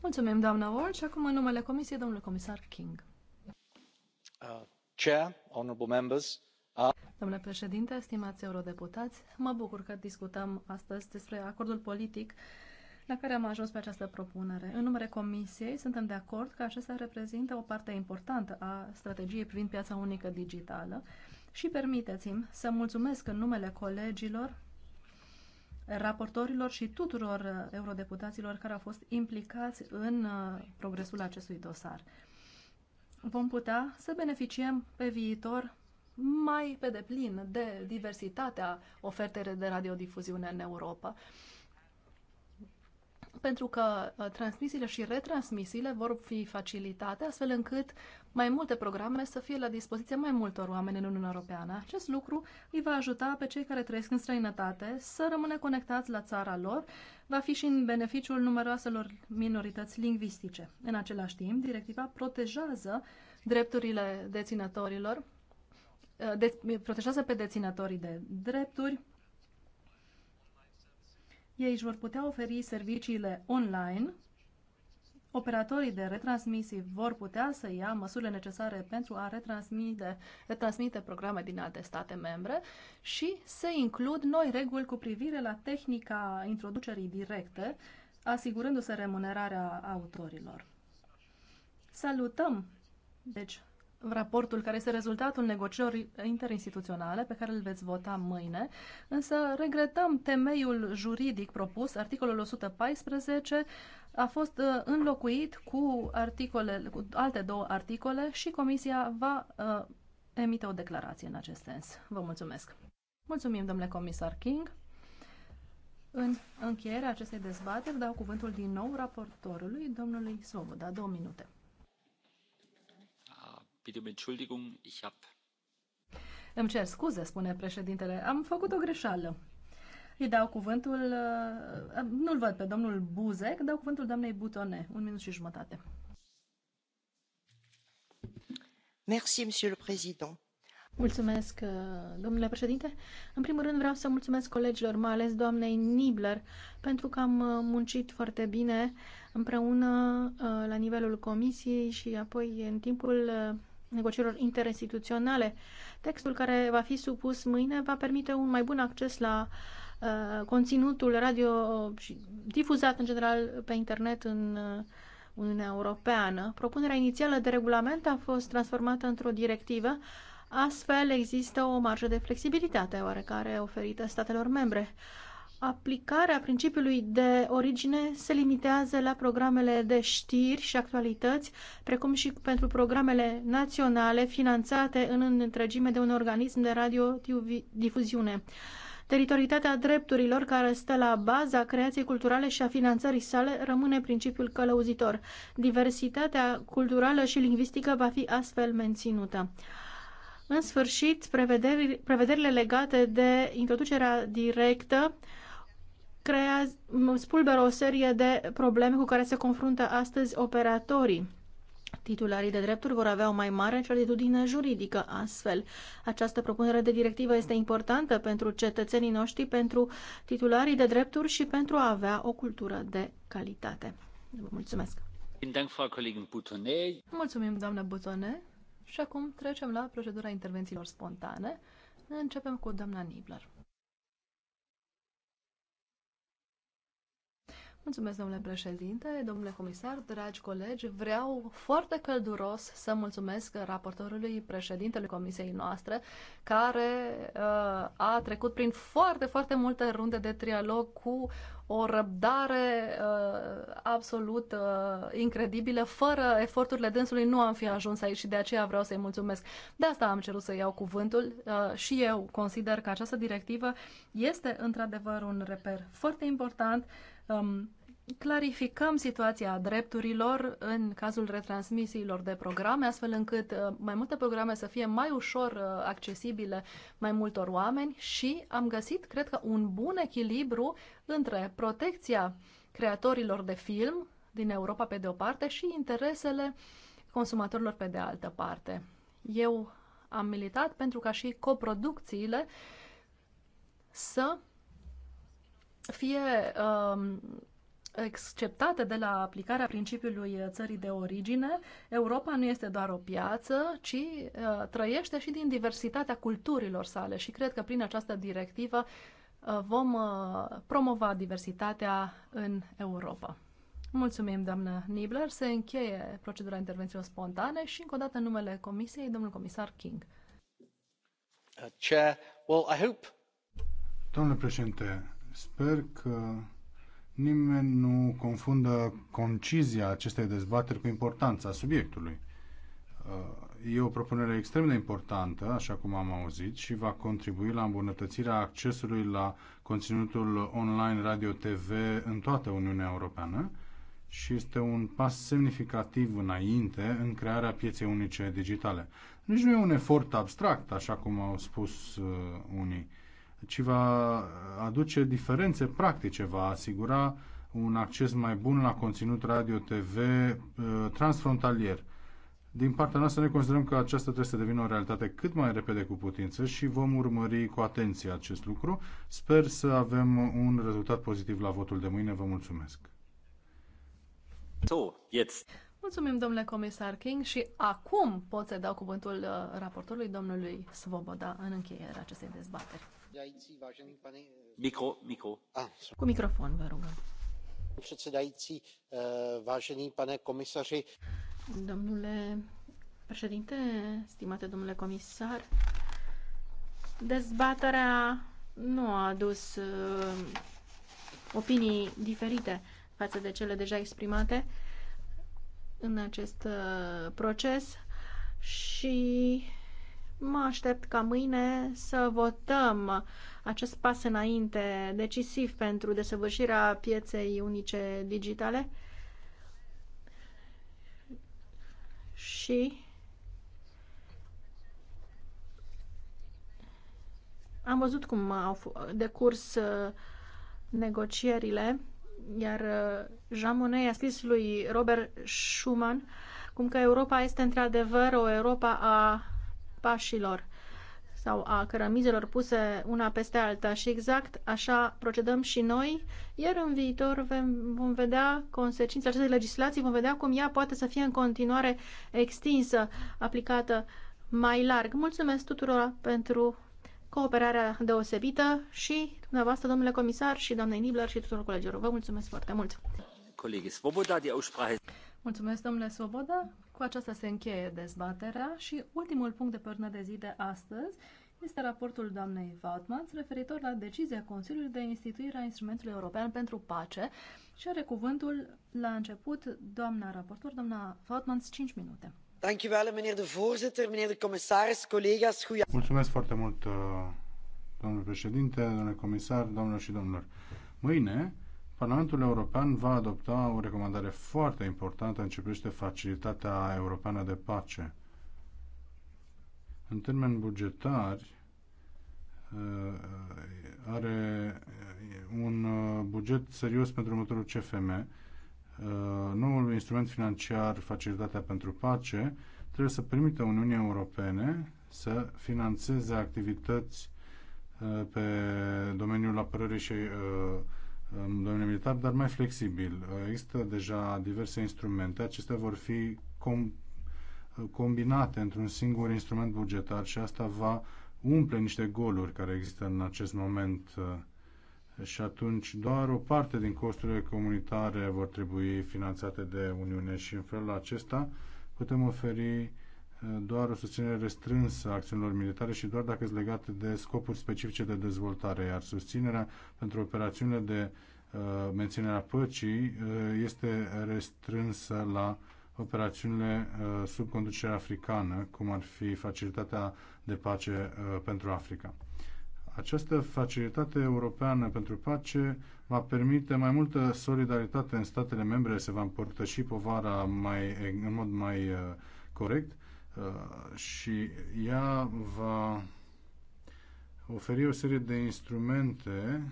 Mulțumim, doamna Ward, și acum în numele Comisiei, domnule comisar King. Uh, chair, honorable members, uh, Domnule președinte, stimați eurodeputați, mă bucur că discutăm astăzi despre acordul politic uh, la care am ajuns pe această propunere. În numele Comisiei, suntem de acord că acesta reprezintă o parte importantă a strategiei privind piața unică digitală și permiteți-mi să mulțumesc în numele colegilor, raportorilor și tuturor uh, eurodeputaților care au fost implicați în uh, progresul acestui dosar. Vom putea să beneficiem pe viitor mai pe deplin de diversitatea ofertei de radiodifuziune în Europa pentru că uh, transmisiile și retransmisiile vor fi facilitate astfel încât mai multe programe să fie la dispoziția mai multor oameni în Uniunea Europeană. Acest lucru îi va ajuta pe cei care trăiesc în străinătate să rămână conectați la țara lor, va fi și în beneficiul numeroaselor minorități lingvistice. În același timp, directiva protejează drepturile deținătorilor, uh, de, protejează pe deținătorii de drepturi, ei își vor putea oferi serviciile online, operatorii de retransmisii vor putea să ia măsurile necesare pentru a retransmite, retransmite programe din alte state membre și se includ noi reguli cu privire la tehnica introducerii directe, asigurându-se remunerarea autorilor. Salutăm, deci, raportul care este rezultatul negocierilor interinstituționale pe care îl veți vota mâine, însă regretăm temeiul juridic propus, articolul 114, a fost uh, înlocuit cu, articole, cu alte două articole și Comisia va uh, emite o declarație în acest sens. Vă mulțumesc! Mulțumim, domnule comisar King! În încheierea acestei dezbateri dau cuvântul din nou raportorului, domnului Svoboda, două minute. Um Îmi cer scuze, spune președintele. Am făcut o greșeală. Îi dau cuvântul, uh, nu-l văd pe domnul Buzek, dau cuvântul doamnei Butone. Un minut și jumătate. Merci, monsieur le président. Mulțumesc, uh, domnule președinte. În primul rând vreau să mulțumesc colegilor, mai ales doamnei Nibler, pentru că am uh, muncit foarte bine împreună la nivelul comisiei și apoi în timpul negocierilor interinstituționale. Textul care va fi supus mâine va permite un mai bun acces la uh, conținutul radio și difuzat în general pe internet în uh, Uniunea Europeană. Propunerea inițială de regulament a fost transformată într-o directivă, astfel există o marjă de flexibilitate oarecare oferită statelor membre. Uh, aplicarea principiului de origine se limitează la programele de știri și actualități, precum și pentru programele naționale finanțate în întregime de un organism de radiodifuziune. Teritorialitatea drepturilor care stă la baza creației culturale și a finanțării sale rămâne principiul călăuzitor. Diversitatea culturală și lingvistică va fi astfel menținută. În sfârșit, prevederile legate de introducerea directă uh, creează, spulberă o serie de probleme cu care se confruntă astăzi operatorii. Titularii de drepturi vor avea o mai mare certitudine juridică astfel. Această propunere de directivă este importantă pentru cetățenii noștri, pentru titularii de drepturi și pentru a avea o cultură de calitate. Vă mulțumesc! Mulțumim, doamnă Butone. Și acum trecem la procedura intervențiilor spontane. Începem cu doamna Nibler. Mulțumesc, domnule președinte, domnule comisar, dragi colegi. Vreau foarte călduros să mulțumesc raportorului președintele comisiei noastre, care uh, a trecut prin foarte, foarte multe runde de trialog cu o răbdare uh, absolut uh, incredibilă. Fără eforturile dânsului nu am fi ajuns aici și de aceea vreau să-i mulțumesc. De asta am cerut să iau cuvântul uh, și eu consider că această directivă este într-adevăr un reper foarte important um, clarificăm situația drepturilor în cazul retransmisiilor de programe, astfel încât uh, mai multe programe să fie mai ușor uh, accesibile mai multor oameni și am găsit, cred că, un bun echilibru între protecția creatorilor de film din Europa pe de o parte și interesele consumatorilor pe de altă parte. Eu am militat pentru ca și coproducțiile să fie um, exceptate de la aplicarea principiului țării de origine, Europa nu este doar o piață, ci uh, trăiește și din diversitatea culturilor sale și cred că prin această directivă uh, vom uh, promova diversitatea în Europa. Mulțumim, doamnă Nibler. Se încheie procedura intervențiilor spontane și, încă o dată, în numele Comisiei, domnul comisar King. Uh, chair, well, I hope... Domnule președinte, Sper că nimeni nu confundă concizia acestei dezbateri cu importanța subiectului. Uh, e o propunere extrem de importantă, așa cum am auzit, și va contribui la îmbunătățirea accesului la conținutul online radio TV în toată Uniunea Europeană și este un pas semnificativ înainte în crearea pieței unice digitale. Nici nu e un efort abstract, așa cum au spus uh, unii ci va aduce diferențe practice, va asigura un acces mai bun la conținut radio, TV, uh, transfrontalier. Din partea noastră, ne considerăm că aceasta trebuie să devină o realitate cât mai repede cu putință și vom urmări cu atenție acest lucru. Sper să avem un rezultat pozitiv la votul de mâine. Vă mulțumesc! So, jetzt. Mulțumim, domnule comisar King, și acum pot să dau cuvântul uh, raportorului domnului Svoboda în încheierea acestei dezbateri předsedající vážený pane komisaři domnule președinte stimate domnule comisar dezbaterea nu a adus eh, opinii diferite față de cele deja exprimate în acest eh, proces și Mă aștept ca mâine să votăm acest pas înainte decisiv pentru desăvârșirea pieței unice digitale și am văzut cum au decurs uh, negocierile, iar uh, Jean Monnet a scris lui Robert Schuman cum că Europa este într-adevăr o Europa a pașilor sau a cărămizelor puse una peste alta și exact așa procedăm și noi, iar în viitor vom vedea consecințele acestei legislații, vom vedea cum ea poate să fie în continuare extinsă, aplicată mai larg. Mulțumesc tuturor pentru cooperarea deosebită și dumneavoastră, domnule comisar și doamnei Nibler și tuturor colegilor. Vă mulțumesc foarte mult! Mulțumesc, domnule Svoboda. Cu aceasta se încheie dezbaterea și ultimul punct de pe de zi de astăzi este raportul doamnei Vautmans referitor la decizia Consiliului de instituire a Instrumentului European pentru Pace și are cuvântul la început doamna raportor, doamna Vautmans, 5 minute. Mulțumesc foarte mult, uh, domnule președinte, domnule comisar, domnilor și domnilor. Mâine Parlamentul European va adopta o recomandare foarte importantă în ce privește facilitatea europeană de pace. În termeni bugetari, uh, are un uh, buget serios pentru următorul CFM. Uh, noul instrument financiar, Facilitatea pentru Pace, trebuie să permită Uniunii Europene să financeze activități pe domeniul apărării și în domeniul militar, dar mai flexibil. Există deja diverse instrumente. Acestea vor fi com- combinate într-un singur instrument bugetar și asta va umple niște goluri care există în acest moment și atunci doar o parte din costurile comunitare vor trebui finanțate de Uniune și în felul acesta putem oferi doar o susținere restrânsă a acțiunilor militare și doar dacă sunt legate de scopuri specifice de dezvoltare, iar susținerea pentru operațiunile de uh, menținere a păcii uh, este restrânsă la operațiunile uh, sub conducere africană, cum ar fi facilitatea de pace uh, pentru Africa. Această facilitate europeană pentru pace va permite mai multă solidaritate în statele membre, se va împărtăși povara mai, în mod mai uh, corect Uh, și ea va oferi o serie de instrumente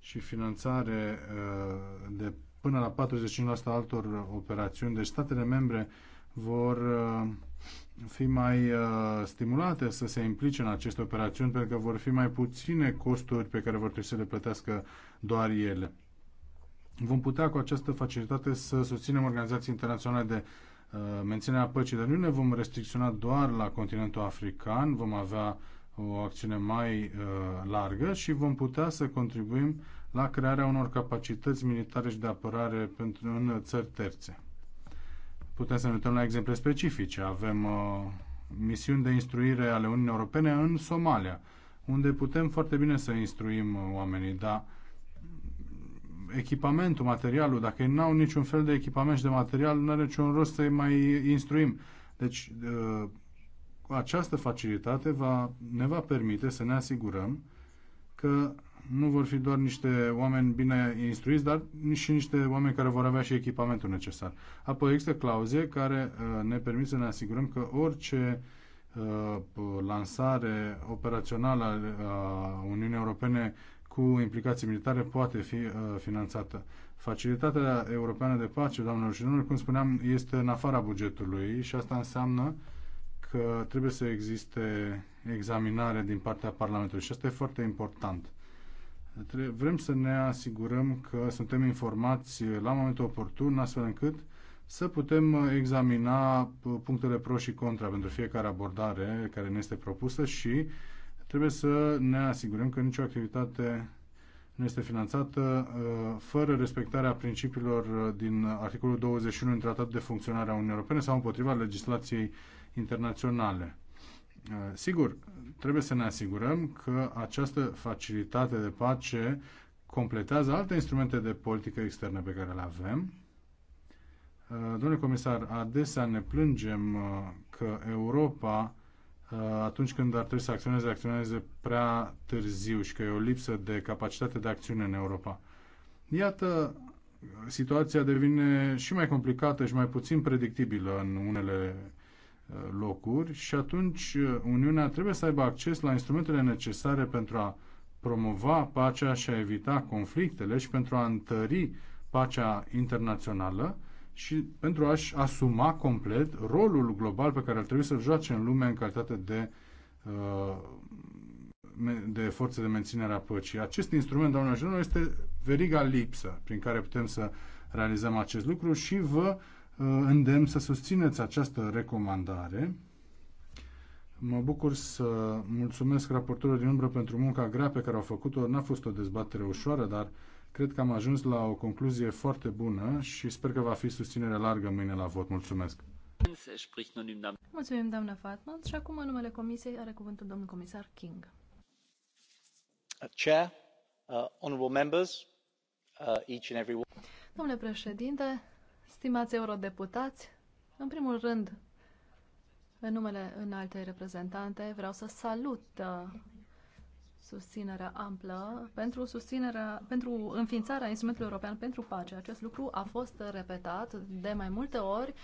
și finanțare uh, de până la 45% altor operațiuni. Deci statele membre vor uh, fi mai stimulate să se implice în aceste operațiuni pentru că vor fi mai puține costuri pe care vor trebui să le plătească doar ele. Vom putea cu această facilitate să susținem organizații internaționale de Uh, menținerea păcii, dar nu ne vom restricționa doar la continentul african, vom avea o acțiune mai uh, largă și vom putea să contribuim la crearea unor capacități militare și de apărare pentru, în țări terțe. Putem să ne uităm la exemple specifice. Avem uh, misiuni de instruire ale Uniunii Europene în Somalia, unde putem foarte bine să instruim uh, oamenii, dar echipamentul, materialul. Dacă ei n-au niciun fel de echipament și de material, nu are niciun rost să-i mai instruim. Deci, uh, această facilitate va, ne va permite să ne asigurăm că nu vor fi doar niște oameni bine instruiți, dar și niște oameni care vor avea și echipamentul necesar. Apoi există clauze care uh, ne permit să ne asigurăm că orice uh, lansare operațională a Uniunii Europene cu implicații militare poate fi uh, finanțată. Facilitatea Europeană de Pace, doamnelor și domnilor, cum spuneam, este în afara bugetului și asta înseamnă că trebuie să existe examinare din partea Parlamentului și asta e foarte important. Vrem să ne asigurăm că suntem informați la momentul oportun, astfel încât să putem examina uh, punctele pro și contra pentru fiecare abordare care ne este propusă și Trebuie să ne asigurăm că nicio activitate nu este finanțată uh, fără respectarea principiilor uh, din articolul 21 din Tratatul de Funcționare a Uniunii Europene sau împotriva legislației internaționale. Uh, sigur, trebuie să ne asigurăm că această facilitate de pace completează alte instrumente de politică externă pe care le avem. Domnule comisar, adesea ne plângem că Europa Uh, atunci când ar trebui să acționeze, acționeze prea târziu și că e o lipsă de capacitate de acțiune în Europa. Iată, situația devine și mai complicată și mai puțin predictibilă în unele uh, locuri și atunci uh, Uniunea trebuie să aibă acces la instrumentele necesare pentru a promova pacea și a evita conflictele și pentru a întări pacea internațională și pentru a-și asuma complet rolul global pe care ar trebui să-l joace în lume în calitate de, uh, de forță de menținere a păcii. Acest instrument, doamna Jenor, este veriga lipsă prin care putem să realizăm acest lucru și vă uh, îndemn să susțineți această recomandare. Mă bucur să mulțumesc raportorilor din umbră pentru munca grea pe care au făcut-o. N-a fost o dezbatere ușoară, dar Cred că am ajuns la o concluzie foarte bună și sper că va fi susținere largă mâine la vot. Mulțumesc! Mulțumim, doamna Fatman. Și acum, în numele Comisiei, are cuvântul domnul comisar King. Uh, Chair, uh, honorable members, uh, each and every one. Domnule președinte, stimați eurodeputați, în primul rând, în numele înaltei reprezentante, vreau să salut uh, susținerea amplă pentru, susținerea, pentru înființarea instrumentului european pentru pace. Acest lucru a fost repetat de mai multe ori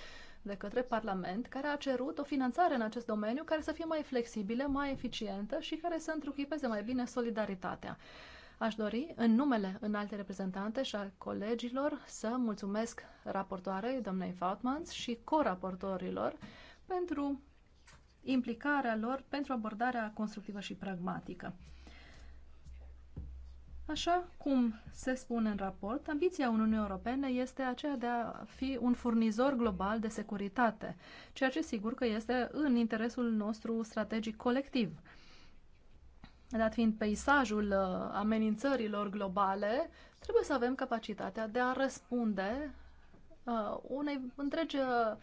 de către Parlament, care a cerut o finanțare în acest domeniu care să fie mai flexibilă, mai eficientă și care să întruchipeze mai bine solidaritatea. Aș dori, în numele în alte reprezentante și al colegilor, să mulțumesc raportoarei, doamnei Fautmans, și coraportorilor pentru implicarea lor pentru abordarea constructivă și pragmatică. Așa cum se spune în raport, ambiția Uniunii Europene este aceea de a fi un furnizor global de securitate, ceea ce sigur că este în interesul nostru strategic colectiv. Dat fiind peisajul uh, amenințărilor globale, trebuie să avem capacitatea de a răspunde uh, unei întregi uh,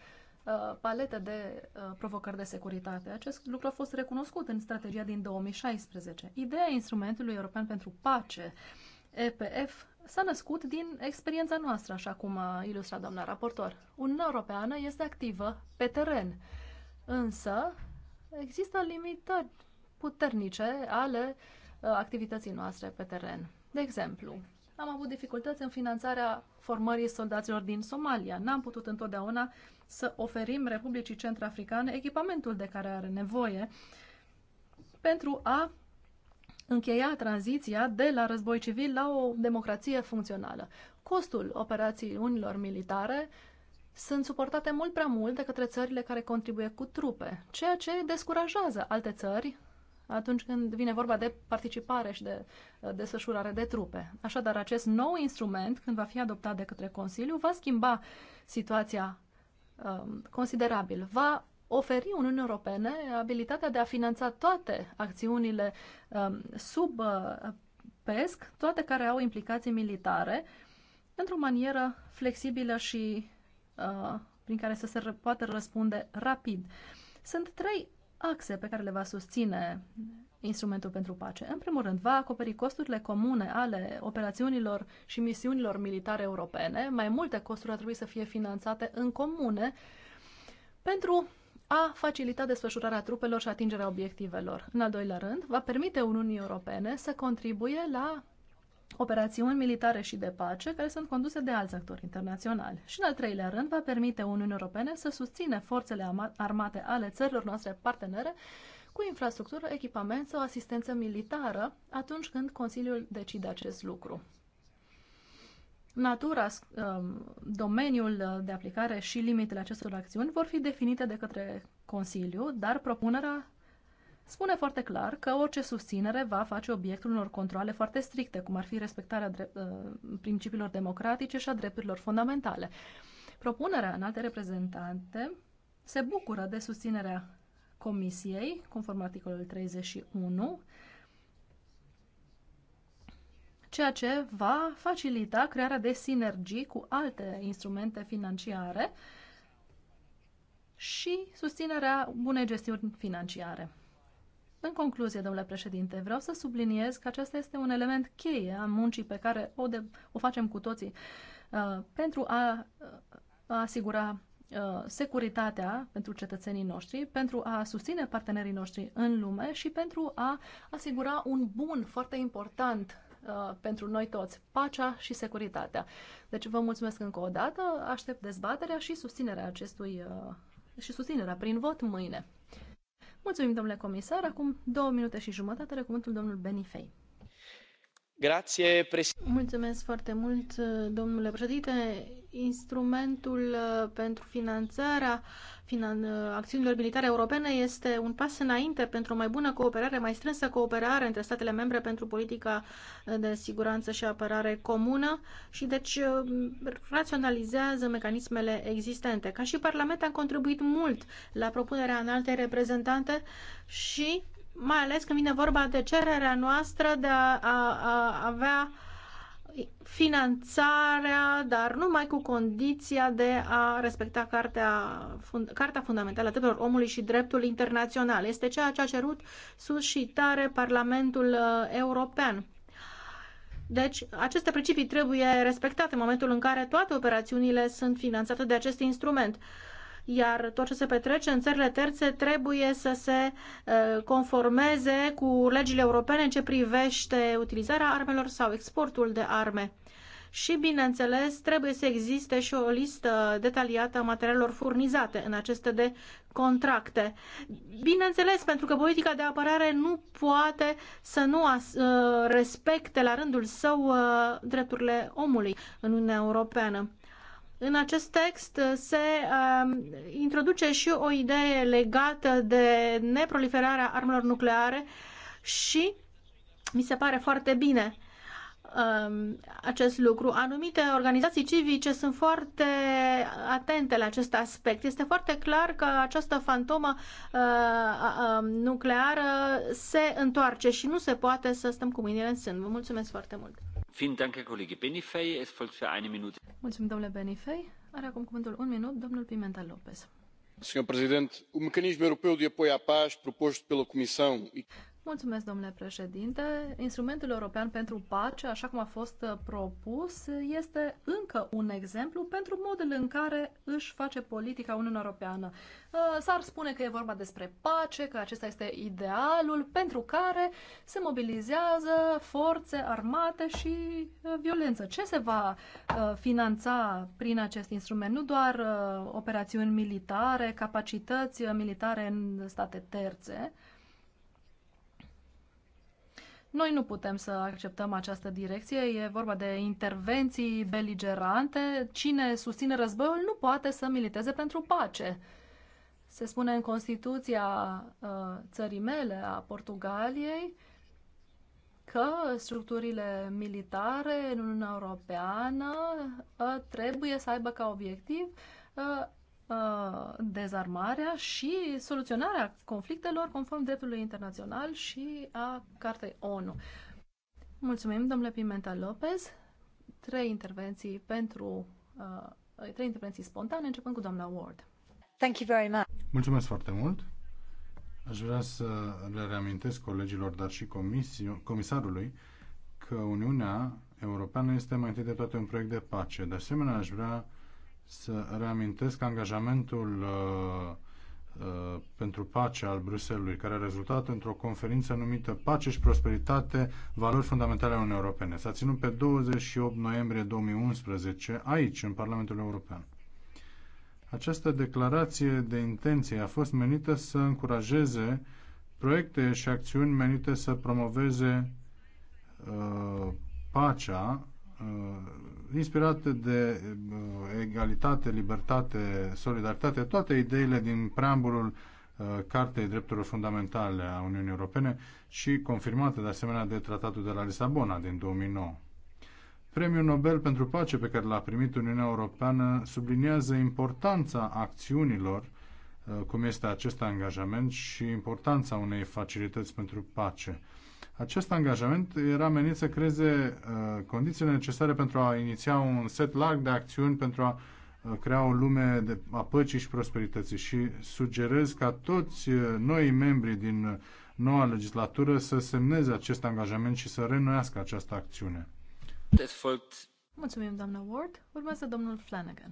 Uh, paletă de uh, provocări de securitate. Acest lucru a fost recunoscut în strategia din 2016. Ideea instrumentului european pentru pace, EPF, s-a născut din experiența noastră, așa cum a ilustrat doamna raportor. Uniunea Europeană este activă pe teren, însă există limitări puternice ale uh, activității noastre pe teren. De exemplu, am avut dificultăți în finanțarea formării soldaților din Somalia. N-am putut întotdeauna să oferim Republicii Centrafricane echipamentul de care are nevoie pentru a încheia tranziția de la război civil la o democrație funcțională. Costul operațiunilor militare sunt suportate mult prea mult de către țările care contribuie cu trupe, ceea ce descurajează alte țări atunci când vine vorba de participare și de uh, desfășurare de trupe. Așadar, acest nou instrument, când va fi adoptat de către Consiliu, va schimba situația um, considerabil. Va oferi Uniunii Europene abilitatea de a finanța toate acțiunile um, sub uh, PESC, toate care au implicații militare, într-o manieră flexibilă și uh, prin care să se poată răspunde rapid. Sunt trei axe pe care le va susține instrumentul pentru pace. În primul rând, va acoperi costurile comune ale operațiunilor și misiunilor militare europene. Mai multe costuri ar trebui să fie finanțate în comune pentru a facilita desfășurarea trupelor și atingerea obiectivelor. În al doilea rând, va permite Uniunii Europene să contribuie la operațiuni militare și de pace care sunt conduse de alți actori internaționali. Și în al treilea rând va permite Uniunii Europene să susține forțele armate ale țărilor noastre partenere cu infrastructură, echipament sau asistență militară atunci când Consiliul decide acest lucru. Natura, um, domeniul de aplicare și limitele acestor acțiuni vor fi definite de către Consiliu, dar propunerea spune foarte clar că orice susținere va face obiectul unor controle foarte stricte, cum ar fi respectarea drept, uh, principiilor democratice și a drepturilor fundamentale. Propunerea în alte reprezentante se bucură de susținerea Comisiei, conform articolul 31, ceea ce va facilita crearea de sinergii cu alte instrumente financiare și susținerea bunei gestiuni financiare. În concluzie, domnule președinte, vreau să subliniez că acesta este un element cheie a muncii pe care o, de, o facem cu toții uh, pentru a, uh, a asigura uh, securitatea pentru cetățenii noștri, pentru a susține partenerii noștri în lume și pentru a asigura un bun foarte important uh, pentru noi toți, pacea și securitatea. Deci vă mulțumesc încă o dată, aștept dezbaterea și susținerea acestui și susținerea prin vot mâine. Mulțumim, domnule comisar. Acum două minute și jumătate, recuvântul domnul Benifei. Grație, președinte. Mulțumesc foarte mult, domnule președinte instrumentul uh, pentru finanțarea finan, uh, acțiunilor militare europene este un pas înainte pentru o mai bună cooperare, mai strânsă cooperare între statele membre pentru politica uh, de siguranță și apărare comună și deci raționalizează mecanismele existente. Ca și Parlament am contribuit mult la propunerea în alte reprezentante și mai ales când vine vorba de cererea noastră de a, a, a avea finanțarea, dar numai cu condiția de a respecta Cartea, fund, Cartea Fundamentală a Drepturilor Omului și dreptul internațional. Este ceea ce a cerut sus și tare Parlamentul uh, European. Deci, aceste principii trebuie respectate în momentul în care toate operațiunile sunt finanțate de acest instrument. Uh, iar tot ce se petrece în țările terțe trebuie să se uh, conformeze cu legile europene în ce privește utilizarea armelor sau exportul de arme. Și, bineînțeles, trebuie să existe și o listă detaliată a materialelor furnizate în aceste de contracte. Bineînțeles, pentru că politica de apărare nu poate să nu uh, respecte la rândul său uh, drepturile omului în Uniunea Europeană. În acest text se uh, introduce și o idee legată de neproliferarea armelor nucleare și mi se pare foarte bine uh, acest lucru. Anumite organizații civice sunt foarte atente la acest aspect. Este foarte clar că această fantomă uh, nucleară se întoarce și nu se poate să stăm cu mâinile în sân. Vă mulțumesc foarte mult! Mulțumim, domnule Benifei. Are acum cuvântul un minut domnul Pimentel Lopez. Senhor Presidente, o mecanismo europeu de apoio à paz proposto pela Comissão. Mulțumesc, domnule președinte. Instrumentul european pentru pace, așa cum a fost uh, propus, este încă un exemplu pentru modul în care își face politica Uniunea Europeană. Uh, s-ar spune că e vorba despre pace, că acesta este idealul pentru care se mobilizează forțe armate și uh, violență. Ce se va finanța prin acest instrument? Nu doar operațiuni militare, capacități militare în state terțe, noi nu putem să acceptăm această direcție, e vorba de intervenții beligerante. Cine susține războiul nu poate să militeze pentru pace. Se spune în Constituția uh, țării mele, a Portugaliei, că structurile militare în Uniunea Europeană uh, trebuie să aibă ca obiectiv uh, Uh, dezarmarea și soluționarea conflictelor conform dreptului internațional și a Cartei ONU. Mulțumim, domnule Pimenta Lopez. Trei intervenții pentru uh, trei intervenții spontane, începând cu doamna Ward. Thank you very much. Mulțumesc foarte mult. Aș vrea să le reamintesc colegilor, dar și comisarului, că Uniunea Europeană este mai întâi de toate un proiect de pace. De asemenea, aș vrea să reamintesc angajamentul uh, uh, pentru pace al Bruselului, care a rezultat într-o conferință numită Pace și Prosperitate, Valori Fundamentale ale Uniunii Europene. S-a ținut pe 28 noiembrie 2011 aici, în Parlamentul European. Această declarație de intenție a fost menită să încurajeze proiecte și acțiuni menite să promoveze uh, pacea Uh, inspirată de uh, egalitate, libertate, solidaritate, toate ideile din preambulul uh, Cartei Drepturilor Fundamentale a Uniunii Europene și confirmate de asemenea de Tratatul de la Lisabona din 2009. Premiul Nobel pentru Pace pe care l-a primit Uniunea Europeană subliniază importanța acțiunilor, cum este acest angajament, și importanța unei facilități pentru pace. Acest angajament era menit să creeze uh, condițiile necesare pentru a iniția un set larg de acțiuni pentru a uh, crea o lume de, a păcii și prosperității și sugerez ca toți uh, noi membri din noua legislatură să semneze acest angajament și să renoiască această acțiune. Mulțumim, doamna Ward. Urmează domnul Flanagan.